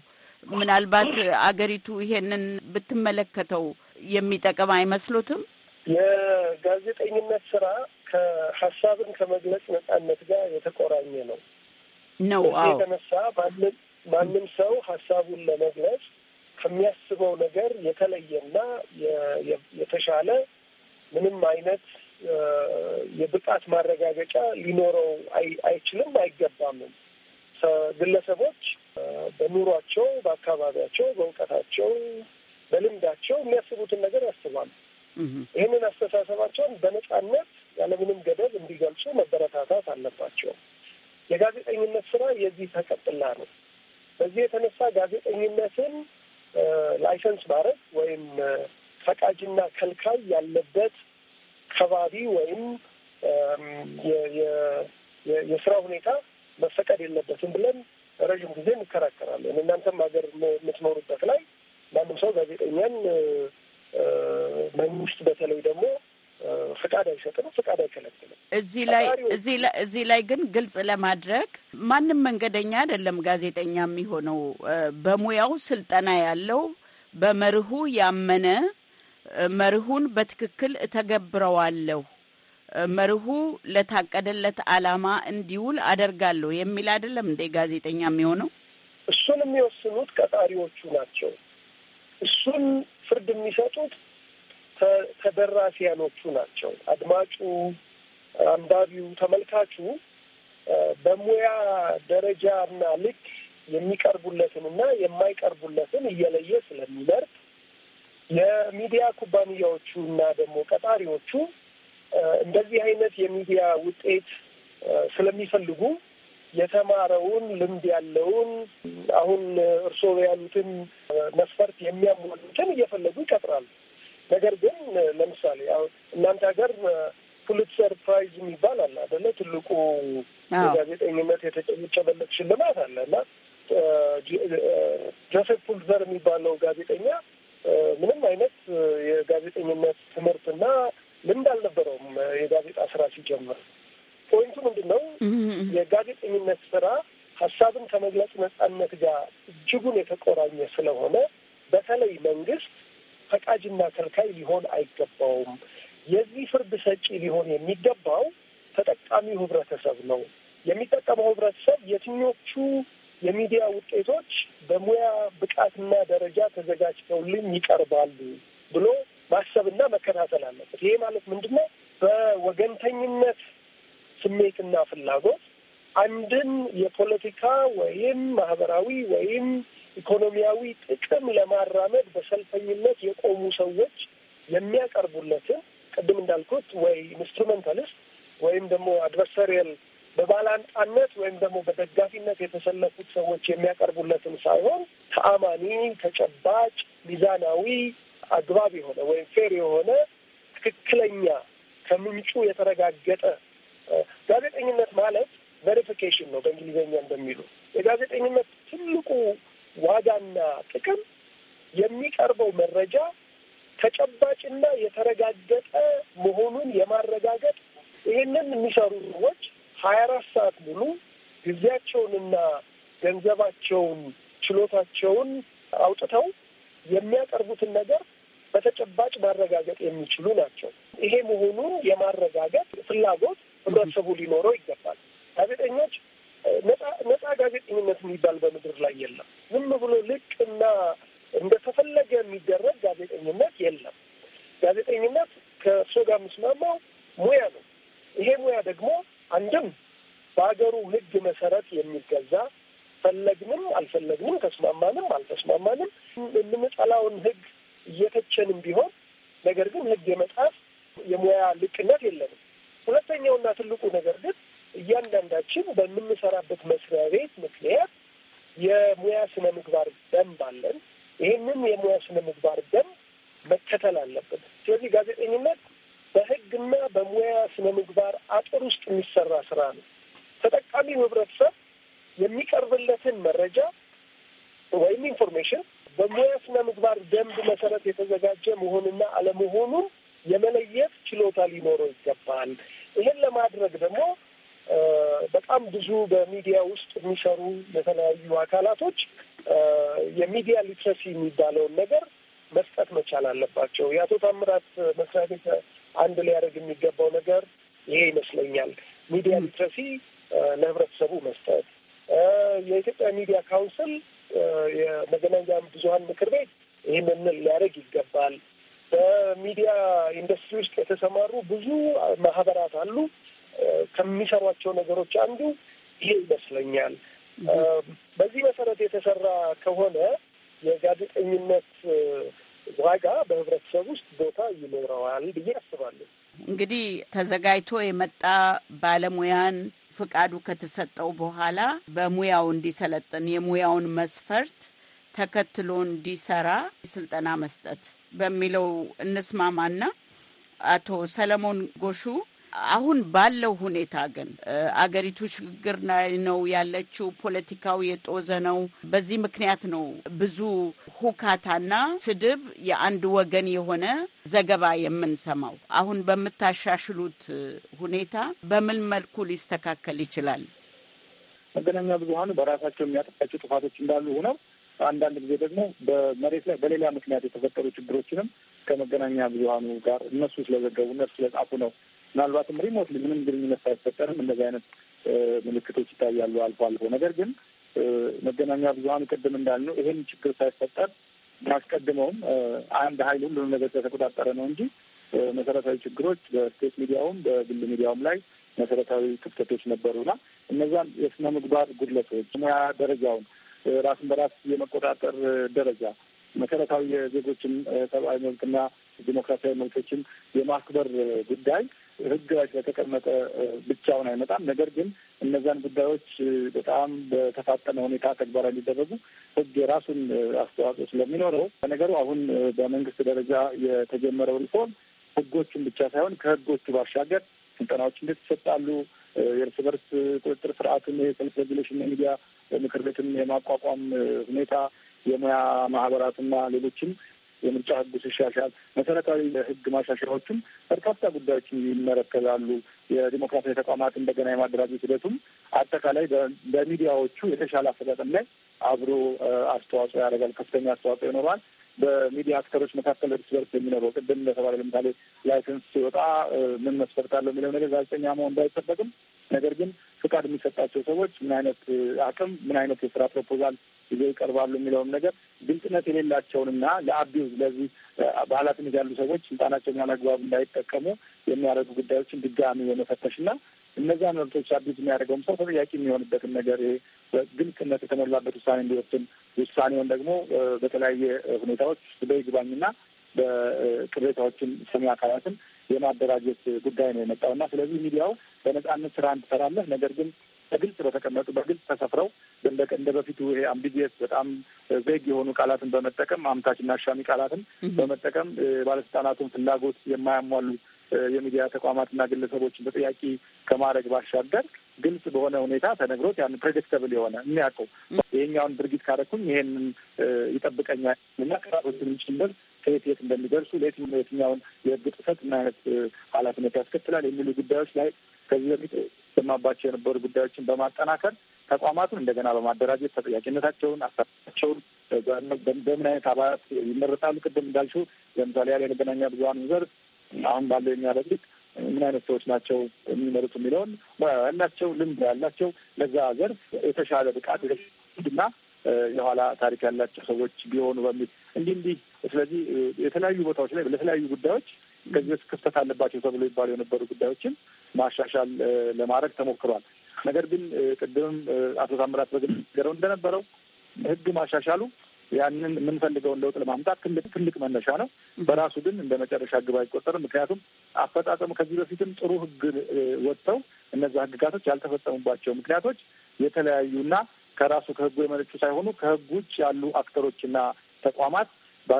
ምናልባት አገሪቱ ይሄንን ብትመለከተው የሚጠቅም አይመስሉትም? የጋዜጠኝነት ስራ ከሀሳብን ከመግለጽ ነጻነት ጋር የተቆራኘ ነው ነው የተነሳ ማንም ሰው ሀሳቡን ለመግለጽ ከሚያስበው ነገር የተለየና የተሻለ ምንም አይነት የብቃት ማረጋገጫ ሊኖረው አይችልም፣ አይገባምም። ግለሰቦች በኑሯቸው፣ በአካባቢያቸው፣ በእውቀታቸው፣ በልምዳቸው የሚያስቡትን ነገር ያስባሉ። ይህንን አስተሳሰባቸውን በነጻነት ያለምንም ገደብ እንዲገልጹ መበረታታት አለባቸው። የጋዜጠኝነት ስራ የዚህ ተቀጥላ ነው። በዚህ የተነሳ ጋዜጠኝነትን ላይሰንስ ማድረግ ወይም ፈቃጅና ከልካይ ያለበት ከባቢ ወይም የስራ ሁኔታ መፈቀድ የለበትም ብለን ረዥም ጊዜ እንከራከራለን። እናንተም ሀገር የምትኖሩበት ላይ ማንም ሰው ጋዜጠኛን መንግስት በተለይ ደግሞ ፍቃድ አይሰጥም፣ ፍቃድ አይከለክልም። እዚህ ላይ እዚህ ላይ ግን ግልጽ ለማድረግ ማንም መንገደኛ አይደለም ጋዜጠኛ የሚሆነው በሙያው ስልጠና ያለው በመርሁ ያመነ መርሁን በትክክል እተገብረዋለሁ መርሁ ለታቀደለት ዓላማ እንዲውል አደርጋለሁ የሚል አይደለም እንዴ ጋዜጠኛ የሚሆነው። እሱን የሚወስኑት ቀጣሪዎቹ ናቸው። እሱን ፍርድ የሚሰጡት ተደራሲያኖቹ ናቸው። አድማጩ፣ አንባቢው፣ ተመልካቹ በሙያ ደረጃና ልክ እና የማይቀርቡለትን እየለየ ስለሚመርጥ የሚዲያ ኩባንያዎቹ እና ደግሞ ቀጣሪዎቹ እንደዚህ አይነት የሚዲያ ውጤት ስለሚፈልጉ የተማረውን ልምድ ያለውን አሁን እርስዎ ያሉትን መስፈርት የሚያሟሉትን እየፈለጉ ይቀጥራሉ። ነገር ግን ለምሳሌ እናንተ ሀገር ፑሊትሰር ፕራይዝ የሚባል አለ አደለ? ትልቁ የጋዜጠኝነት የተጨበለት ሽልማት አለ እና ጆሴፍ ፑልዘር የሚባለው ጋዜጠኛ ምንም አይነት የጋዜጠኝነት ትምህርትና ልምድ አልነበረውም የጋዜጣ ስራ ሲጀምር ፖይንቱ ምንድን ነው? የጋዜጠኝነት ስራ ሀሳብን ከመግለጽ ነጻነት ጋር እጅጉን የተቆራኘ ስለሆነ በተለይ መንግስት ፈቃጅና ከልካይ ሊሆን አይገባውም። የዚህ ፍርድ ሰጪ ሊሆን የሚገባው ተጠቃሚው ህብረተሰብ ነው። የሚጠቀመው ህብረተሰብ የትኞቹ የሚዲያ ውጤቶች በሙያ ብቃትና ደረጃ ተዘጋጅተውልኝ ይቀርባሉ ብሎ ማሰብና መከታተል አለበት። ይሄ ማለት ምንድን ነው? በወገንተኝነት ስሜትና ፍላጎት አንድን የፖለቲካ ወይም ማህበራዊ ወይም ኢኮኖሚያዊ ጥቅም ለማራመድ በሰልፈኝነት የቆሙ ሰዎች የሚያቀርቡለትን ቅድም እንዳልኩት ወይ ኢንስትሩሜንታሊስት ወይም ደግሞ አድቨርሰሪየል በባላንጣነት ወይም ደግሞ በደጋፊነት የተሰለፉት ሰዎች የሚያቀርቡለትን ሳይሆን ተአማኒ፣ ተጨባጭ፣ ሚዛናዊ፣ አግባብ የሆነ ወይም ፌር የሆነ ትክክለኛ ከምንጩ የተረጋገጠ ጋዜጠኝነት ማለት ቬሪፊኬሽን ነው በእንግሊዝኛ እንደሚሉ። የጋዜጠኝነት ትልቁ ዋጋና ጥቅም የሚቀርበው መረጃ ተጨባጭና የተረጋገጠ መሆኑን የማረጋገጥ ይህንን የሚሰሩ ሰዎች ሀያ አራት ሰዓት ሙሉ ጊዜያቸውንና ገንዘባቸውን ችሎታቸውን አውጥተው የሚያቀርቡትን ነገር በተጨባጭ ማረጋገጥ የሚችሉ ናቸው። ይሄ መሆኑን የማረጋገጥ ፍላጎት ህብረተሰቡ ሊኖረው ይገባል። ጋዜጠኞች ነጻ ጋዜጠኝነት የሚባል በምድር ላይ የለም። ዝም ብሎ ልቅ እና እንደተፈለገ የሚደረግ ጋዜጠኝነት የለም። ጋዜጠኝነት ከእሱ ጋር የምስማማው ሙያ ነው። ይሄ ሙያ ደግሞ አንድም በሀገሩ ህግ መሰረት የሚገዛ ፈለግንም አልፈለግንም፣ ተስማማንም አልተስማማንም የምንጠላውን ህግ እየተቸንም ቢሆን ነገር ግን ህግ የመጣፍ የሙያ ልቅነት የለንም። ሁለተኛውና ትልቁ ነገር ግን እያንዳንዳችን በምንሰራበት መስሪያ ቤት ምክንያት የሙያ ስነ ምግባር ደንብ አለን። ይህንን የሙያ ስነ ምግባር ደንብ መከተል አለብን። ስለዚህ ጋዜጠኝነት በህግና በሙያ ስነ ምግባር አጥር ውስጥ የሚሰራ ስራ ነው። ተጠቃሚው ህብረተሰብ የሚቀርብለትን መረጃ በደንብ መሰረት የተዘጋጀ መሆንና አለመሆኑን የመለየት ችሎታ ሊኖረው ይገባል። ይህን ለማድረግ ደግሞ በጣም ብዙ በሚዲያ ውስጥ የሚሰሩ የተለያዩ አካላቶች የሚዲያ ሊትረሲ የሚባለውን ነገር መስጠት መቻል አለባቸው። የአቶ ታምራት መስሪያ ቤት አንድ ሊያደርግ የሚገባው ነገር ይሄ ይመስለኛል። ሚዲያ ሊትረሲ የተሰማሩ ብዙ ማህበራት አሉ። ከሚሰሯቸው ነገሮች አንዱ ይሄ ይመስለኛል። በዚህ መሰረት የተሰራ ከሆነ የጋዜጠኝነት ዋጋ በህብረተሰብ ውስጥ ቦታ ይኖረዋል ብዬ አስባለሁ። እንግዲህ ተዘጋጅቶ የመጣ ባለሙያን ፍቃዱ ከተሰጠው በኋላ በሙያው እንዲሰለጥን የሙያውን መስፈርት ተከትሎ እንዲሰራ ስልጠና መስጠት በሚለው እንስማማና አቶ ሰለሞን ጎሹ አሁን ባለው ሁኔታ ግን አገሪቱ ችግር ላይ ነው ያለችው። ፖለቲካው የጦዘ ነው። በዚህ ምክንያት ነው ብዙ ሁካታና ስድብ፣ የአንድ ወገን የሆነ ዘገባ የምንሰማው። አሁን በምታሻሽሉት ሁኔታ በምን መልኩ ሊስተካከል ይችላል? መገናኛ ብዙኃኑ በራሳቸው የሚያጠፋቸው ጥፋቶች እንዳሉ ሆነው አንዳንድ ጊዜ ደግሞ በመሬት ላይ በሌላ ምክንያት የተፈጠሩ ችግሮችንም ከመገናኛ ብዙሀኑ ጋር እነሱ ስለዘገቡ እነሱ ስለጻፉ ነው። ምናልባትም ሪሞት ምንም ግንኙነት ሳይፈጠርም እንደዚህ አይነት ምልክቶች ይታያሉ አልፎ አልፎ። ነገር ግን መገናኛ ብዙሀኑ ቅድም እንዳልነው ይሄን ችግር ሳይፈጠር አስቀድመውም አንድ ሀይል ሁሉንም ነገር ስለተቆጣጠረ ነው እንጂ መሰረታዊ ችግሮች በስቴት ሚዲያውም በግል ሚዲያውም ላይ መሰረታዊ ክፍተቶች ነበሩና እነዛን የስነ ምግባር ጉድለቶች፣ ሙያ ደረጃውን ራስን በራስ የመቆጣጠር ደረጃ መሰረታዊ የዜጎችን ሰብአዊ መብትና ዲሞክራሲያዊ መብቶችን የማክበር ጉዳይ ህግ ላይ ስለተቀመጠ ብቻውን አይመጣም። ነገር ግን እነዛን ጉዳዮች በጣም በተፋጠነ ሁኔታ ተግባራዊ እንዲደረጉ ህግ የራሱን አስተዋጽኦ ስለሚኖረው ነገሩ አሁን በመንግስት ደረጃ የተጀመረው ሪፎርም ህጎቹን ብቻ ሳይሆን ከህጎቹ ባሻገር ስልጠናዎች እንዴት ይሰጣሉ፣ የእርስ በርስ ቁጥጥር ስርዓትን፣ የሰልፍ ሬጉሌሽን፣ የሚዲያ ምክር ቤትን የማቋቋም ሁኔታ የሙያ ማህበራትና ሌሎችም የምርጫ ህጉ ሲሻሻል መሰረታዊ ህግ ማሻሻያዎችም በርካታ ጉዳዮችን ይመለከታሉ። የዲሞክራሲያዊ ተቋማት እንደገና የማደራጀት ሂደቱም አጠቃላይ በሚዲያዎቹ የተሻለ አፈጻጸም ላይ አብሮ አስተዋጽኦ ያደርጋል። ከፍተኛ አስተዋጽኦ ይኖረዋል። በሚዲያ አክተሮች መካከል እርስ በርስ የሚኖረው ቅድም እንደተባለ ለምሳሌ ላይሰንስ ሲወጣ ምን መስፈርት አለው የሚለው ነገር ጋዜጠኛ መሆን እንዳይጠበቅም፣ ነገር ግን ፍቃድ የሚሰጣቸው ሰዎች ምን አይነት አቅም፣ ምን አይነት የስራ ፕሮፖዛል ይዘው ይቀርባሉ የሚለውም ነገር ግልጽነት የሌላቸውንና ለአቢዩዝ ለዚህ በኃላፊነት ያሉ ሰዎች ስልጣናቸውን ያላግባብ እንዳይጠቀሙ የሚያደርጉ ጉዳዮችን ድጋሚ የመፈተሽና እነዚያ መብቶች አቢዩዝ የሚያደርገውም ሰው ተጠያቂ የሚሆንበትን ነገር ይሄ በግልጽነት የተሞላበት ውሳኔ እንዲወስን ውሳኔውን ደግሞ በተለያየ ሁኔታዎች በይግባኝና በቅሬታዎችን ሰሚ አካላትን የማደራጀት ጉዳይ ነው የመጣው እና ስለዚህ ሚዲያው በነጻነት ስራ እንድሰራለህ ነገር ግን በግልጽ በተቀመጡ በግልጽ ተሰፍረው እንደ በፊቱ ይሄ አምቢጊየስ በጣም ቬግ የሆኑ ቃላትን በመጠቀም አምታችና አሻሚ ቃላትን በመጠቀም ባለስልጣናቱን ፍላጎት የማያሟሉ የሚዲያ ተቋማትና ግለሰቦችን ተጠያቂ ከማድረግ ባሻገር ግልጽ በሆነ ሁኔታ ተነግሮት ያን ፕሬዲክተብል የሆነ የሚያውቀው ይሄኛውን ድርጊት ካደረኩኝ ይሄንን ይጠብቀኛል እና ቅጣቶችን ጭምር ከየት የት እንደሚደርሱ ለየትኛውን የህግ ጥሰት ምን አይነት ኃላፊነት ያስከትላል የሚሉ ጉዳዮች ላይ ከዚህ በፊት ሰማባቸው የነበሩ ጉዳዮችን በማጠናከር ተቋማቱን እንደገና በማደራጀት ተጠያቂነታቸውን፣ አሳቸውን በምን አይነት አባላት ይመረጣሉ፣ ቅድም እንዳልሽው ለምሳሌ ያለ የመገናኛ ብዙሀን ዩዘርስ አሁን ባለው የሚያበልቅ ምን አይነት ሰዎች ናቸው የሚመሩት የሚለውን ያላቸው ልምድ ያላቸው ለዛ ዘርፍ የተሻለ ብቃት እና የኋላ ታሪክ ያላቸው ሰዎች ቢሆኑ በሚል እንዲህ እንዲህ ስለዚህ የተለያዩ ቦታዎች ላይ ለተለያዩ ጉዳዮች ከዚህ በፊት ክፍተት አለባቸው ተብሎ ይባሉ የነበሩ ጉዳዮችን ማሻሻል ለማድረግ ተሞክሯል። ነገር ግን ቅድምም አቶ ታምራት በግልጽ እንደነበረው ህግ ማሻሻሉ ያንን የምንፈልገውን ለውጥ ለማምጣት ትልቅ ትልቅ መነሻ ነው። በራሱ ግን እንደ መጨረሻ ግብ አይቆጠርም። ምክንያቱም አፈጻጸሙ ከዚህ በፊትም ጥሩ ህግ ወጥተው እነዛ ህግጋቶች ያልተፈጸሙባቸው ምክንያቶች የተለያዩና ከራሱ ከህጉ የመነጩ ሳይሆኑ ከህግ ውጭ ያሉ አክተሮችና ተቋማት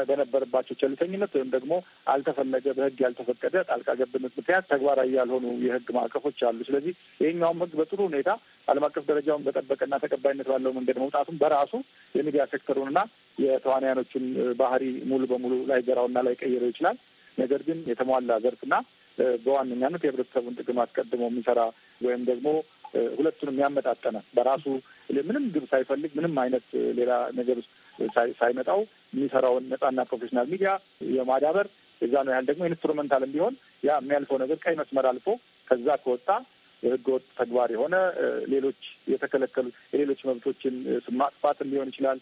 በነበረባቸው ቸልተኝነት ወይም ደግሞ አልተፈለገ በህግ ያልተፈቀደ ጣልቃ ገብነት ምክንያት ተግባራዊ ያልሆኑ የህግ ማዕቀፎች አሉ። ስለዚህ ይህኛውም ህግ በጥሩ ሁኔታ ዓለም አቀፍ ደረጃውን በጠበቀና ተቀባይነት ባለው መንገድ መውጣቱም በራሱ የሚዲያ ሴክተሩንና የተዋንያኖቹን ባህሪ ሙሉ በሙሉ ላይ ቀይረው ይችላል። ነገር ግን የተሟላ ዘርፍና በዋነኛነት የህብረተሰቡን ጥቅም አስቀድሞ የሚሰራ ወይም ደግሞ ሁለቱን የሚያመጣጠነ በራሱ ምንም ግብ ሳይፈልግ ምንም አይነት ሌላ ነገር ሳይመጣው የሚሰራውን ነጻና ፕሮፌሽናል ሚዲያ የማዳበር እዛ ነው ያህል ደግሞ ኢንስትሩመንታልም ቢሆን ያ የሚያልፈው ነገር ቀይ መስመር አልፎ ከዛ ከወጣ የህገወጥ ተግባር የሆነ ሌሎች የተከለከሉ የሌሎች መብቶችን ማጥፋትም ሊሆን ይችላል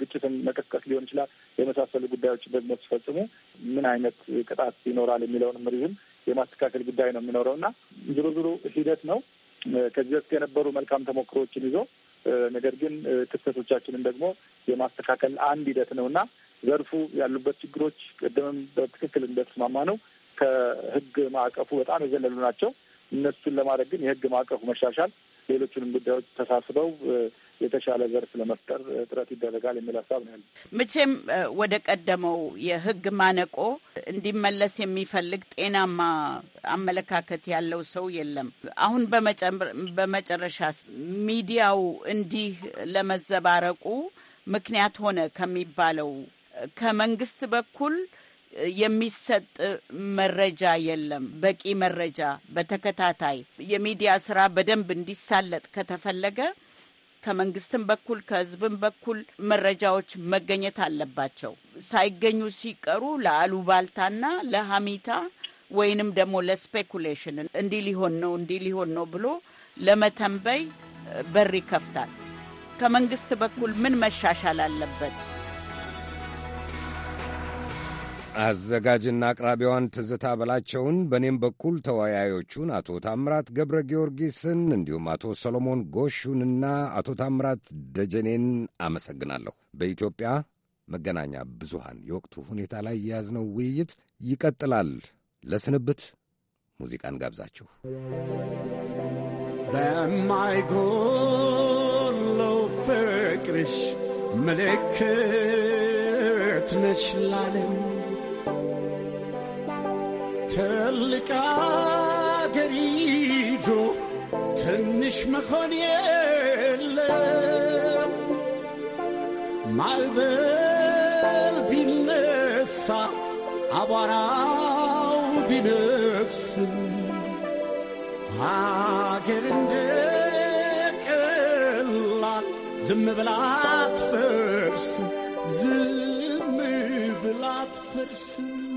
ግጭትን መቀስቀስ ሊሆን ይችላል። የመሳሰሉ ጉዳዮች ደግሞ ሲፈጽሙ ምን አይነት ቅጣት ይኖራል የሚለውን ምሪዝም የማስተካከል ጉዳይ ነው የሚኖረው እና ዞሮ ዞሮ ሂደት ነው። ከዚህ በፊት የነበሩ መልካም ተሞክሮዎችን ይዞ ነገር ግን ክፍተቶቻችንን ደግሞ የማስተካከል አንድ ሂደት ነው እና ዘርፉ ያሉበት ችግሮች ቅድምም በትክክል እንደተስማማ ነው ከህግ ማዕቀፉ በጣም የዘለሉ ናቸው። እነሱን ለማድረግ ግን የህግ ማዕቀፉ መሻሻል፣ ሌሎቹንም ጉዳዮች ተሳስበው የተሻለ ዘርፍ ለመፍጠር ጥረት ይደረጋል የሚል ሀሳብ ነው ያለ። መቼም ወደ ቀደመው የህግ ማነቆ እንዲመለስ የሚፈልግ ጤናማ አመለካከት ያለው ሰው የለም። አሁን በመጨረሻ ሚዲያው እንዲህ ለመዘባረቁ ምክንያት ሆነ ከሚባለው ከመንግስት በኩል የሚሰጥ መረጃ የለም። በቂ መረጃ በተከታታይ የሚዲያ ስራ በደንብ እንዲሳለጥ ከተፈለገ ከመንግስትም በኩል ከህዝብም በኩል መረጃዎች መገኘት አለባቸው። ሳይገኙ ሲቀሩ ለአሉባልታና ለሀሚታ ወይንም ደግሞ ለስፔኩሌሽን እንዲህ ሊሆን ነው እንዲህ ሊሆን ነው ብሎ ለመተንበይ በር ይከፍታል። ከመንግስት በኩል ምን መሻሻል አለበት? አዘጋጅና አቅራቢዋን ትዝታ በላቸውን በእኔም በኩል ተወያዮቹን አቶ ታምራት ገብረ ጊዮርጊስን እንዲሁም አቶ ሰሎሞን ጎሹንና አቶ ታምራት ደጀኔን አመሰግናለሁ። በኢትዮጵያ መገናኛ ብዙሃን የወቅቱ ሁኔታ ላይ የያዝነው ውይይት ይቀጥላል። ለስንብት ሙዚቃን ጋብዛችሁ በማይጎለው ፍቅርሽ ምልክት ነሽ ላለም ትልቅ አገር ይዞ ትንሽ መሆን የለም። ማዕበል ቢነሳ አቧራው ቢነፍስ አገር እንደ ቀላል ዝም ብላ አትፈርስም፣ ዝም ብላ አትፈርስም።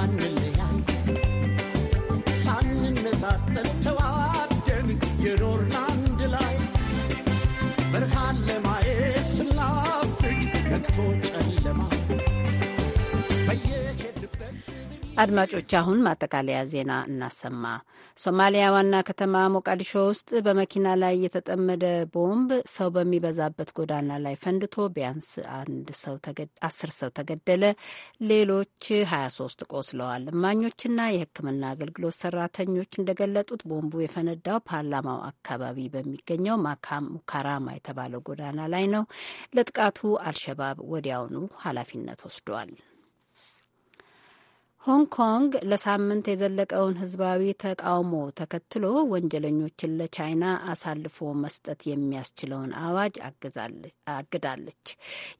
ሳንለያን ሳንነጣጠል አድማጮች አሁን ማጠቃለያ ዜና እናሰማ። ሶማሊያ ዋና ከተማ ሞቃዲሾ ውስጥ በመኪና ላይ የተጠመደ ቦምብ ሰው በሚበዛበት ጎዳና ላይ ፈንድቶ ቢያንስ አንድ ሰው አስር ሰው ተገደለ፣ ሌሎች 23 ቆስለዋል። እማኞችና የሕክምና አገልግሎት ሰራተኞች እንደገለጡት ቦምቡ የፈነዳው ፓርላማው አካባቢ በሚገኘው ማካም ሙካራማ የተባለው ጎዳና ላይ ነው። ለጥቃቱ አልሸባብ ወዲያውኑ ኃላፊነት ወስዷል። ሆንግ ኮንግ ለሳምንት የዘለቀውን ህዝባዊ ተቃውሞ ተከትሎ ወንጀለኞችን ለቻይና አሳልፎ መስጠት የሚያስችለውን አዋጅ አግዳለች።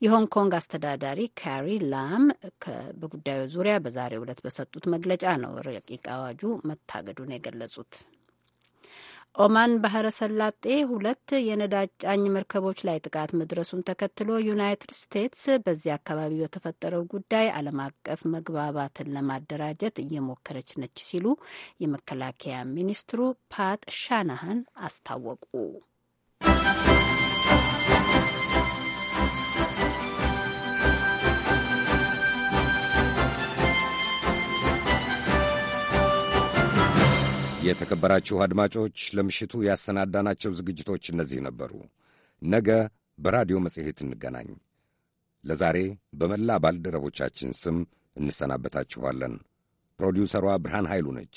የሆንግ ኮንግ አስተዳዳሪ ካሪ ላም በጉዳዩ ዙሪያ በዛሬው ዕለት በሰጡት መግለጫ ነው ረቂቅ አዋጁ መታገዱን የገለጹት። ኦማን ባህረ ሰላጤ ሁለት የነዳጅ ጫኝ መርከቦች ላይ ጥቃት መድረሱን ተከትሎ ዩናይትድ ስቴትስ በዚህ አካባቢ በተፈጠረው ጉዳይ ዓለም አቀፍ መግባባትን ለማደራጀት እየሞከረች ነች ሲሉ የመከላከያ ሚኒስትሩ ፓት ሻናሃን አስታወቁ። የተከበራችሁ አድማጮች ለምሽቱ ያሰናዳናቸው ዝግጅቶች እነዚህ ነበሩ። ነገ በራዲዮ መጽሔት እንገናኝ። ለዛሬ በመላ ባልደረቦቻችን ስም እንሰናበታችኋለን። ፕሮዲውሰሯ ብርሃን ኃይሉ ነች።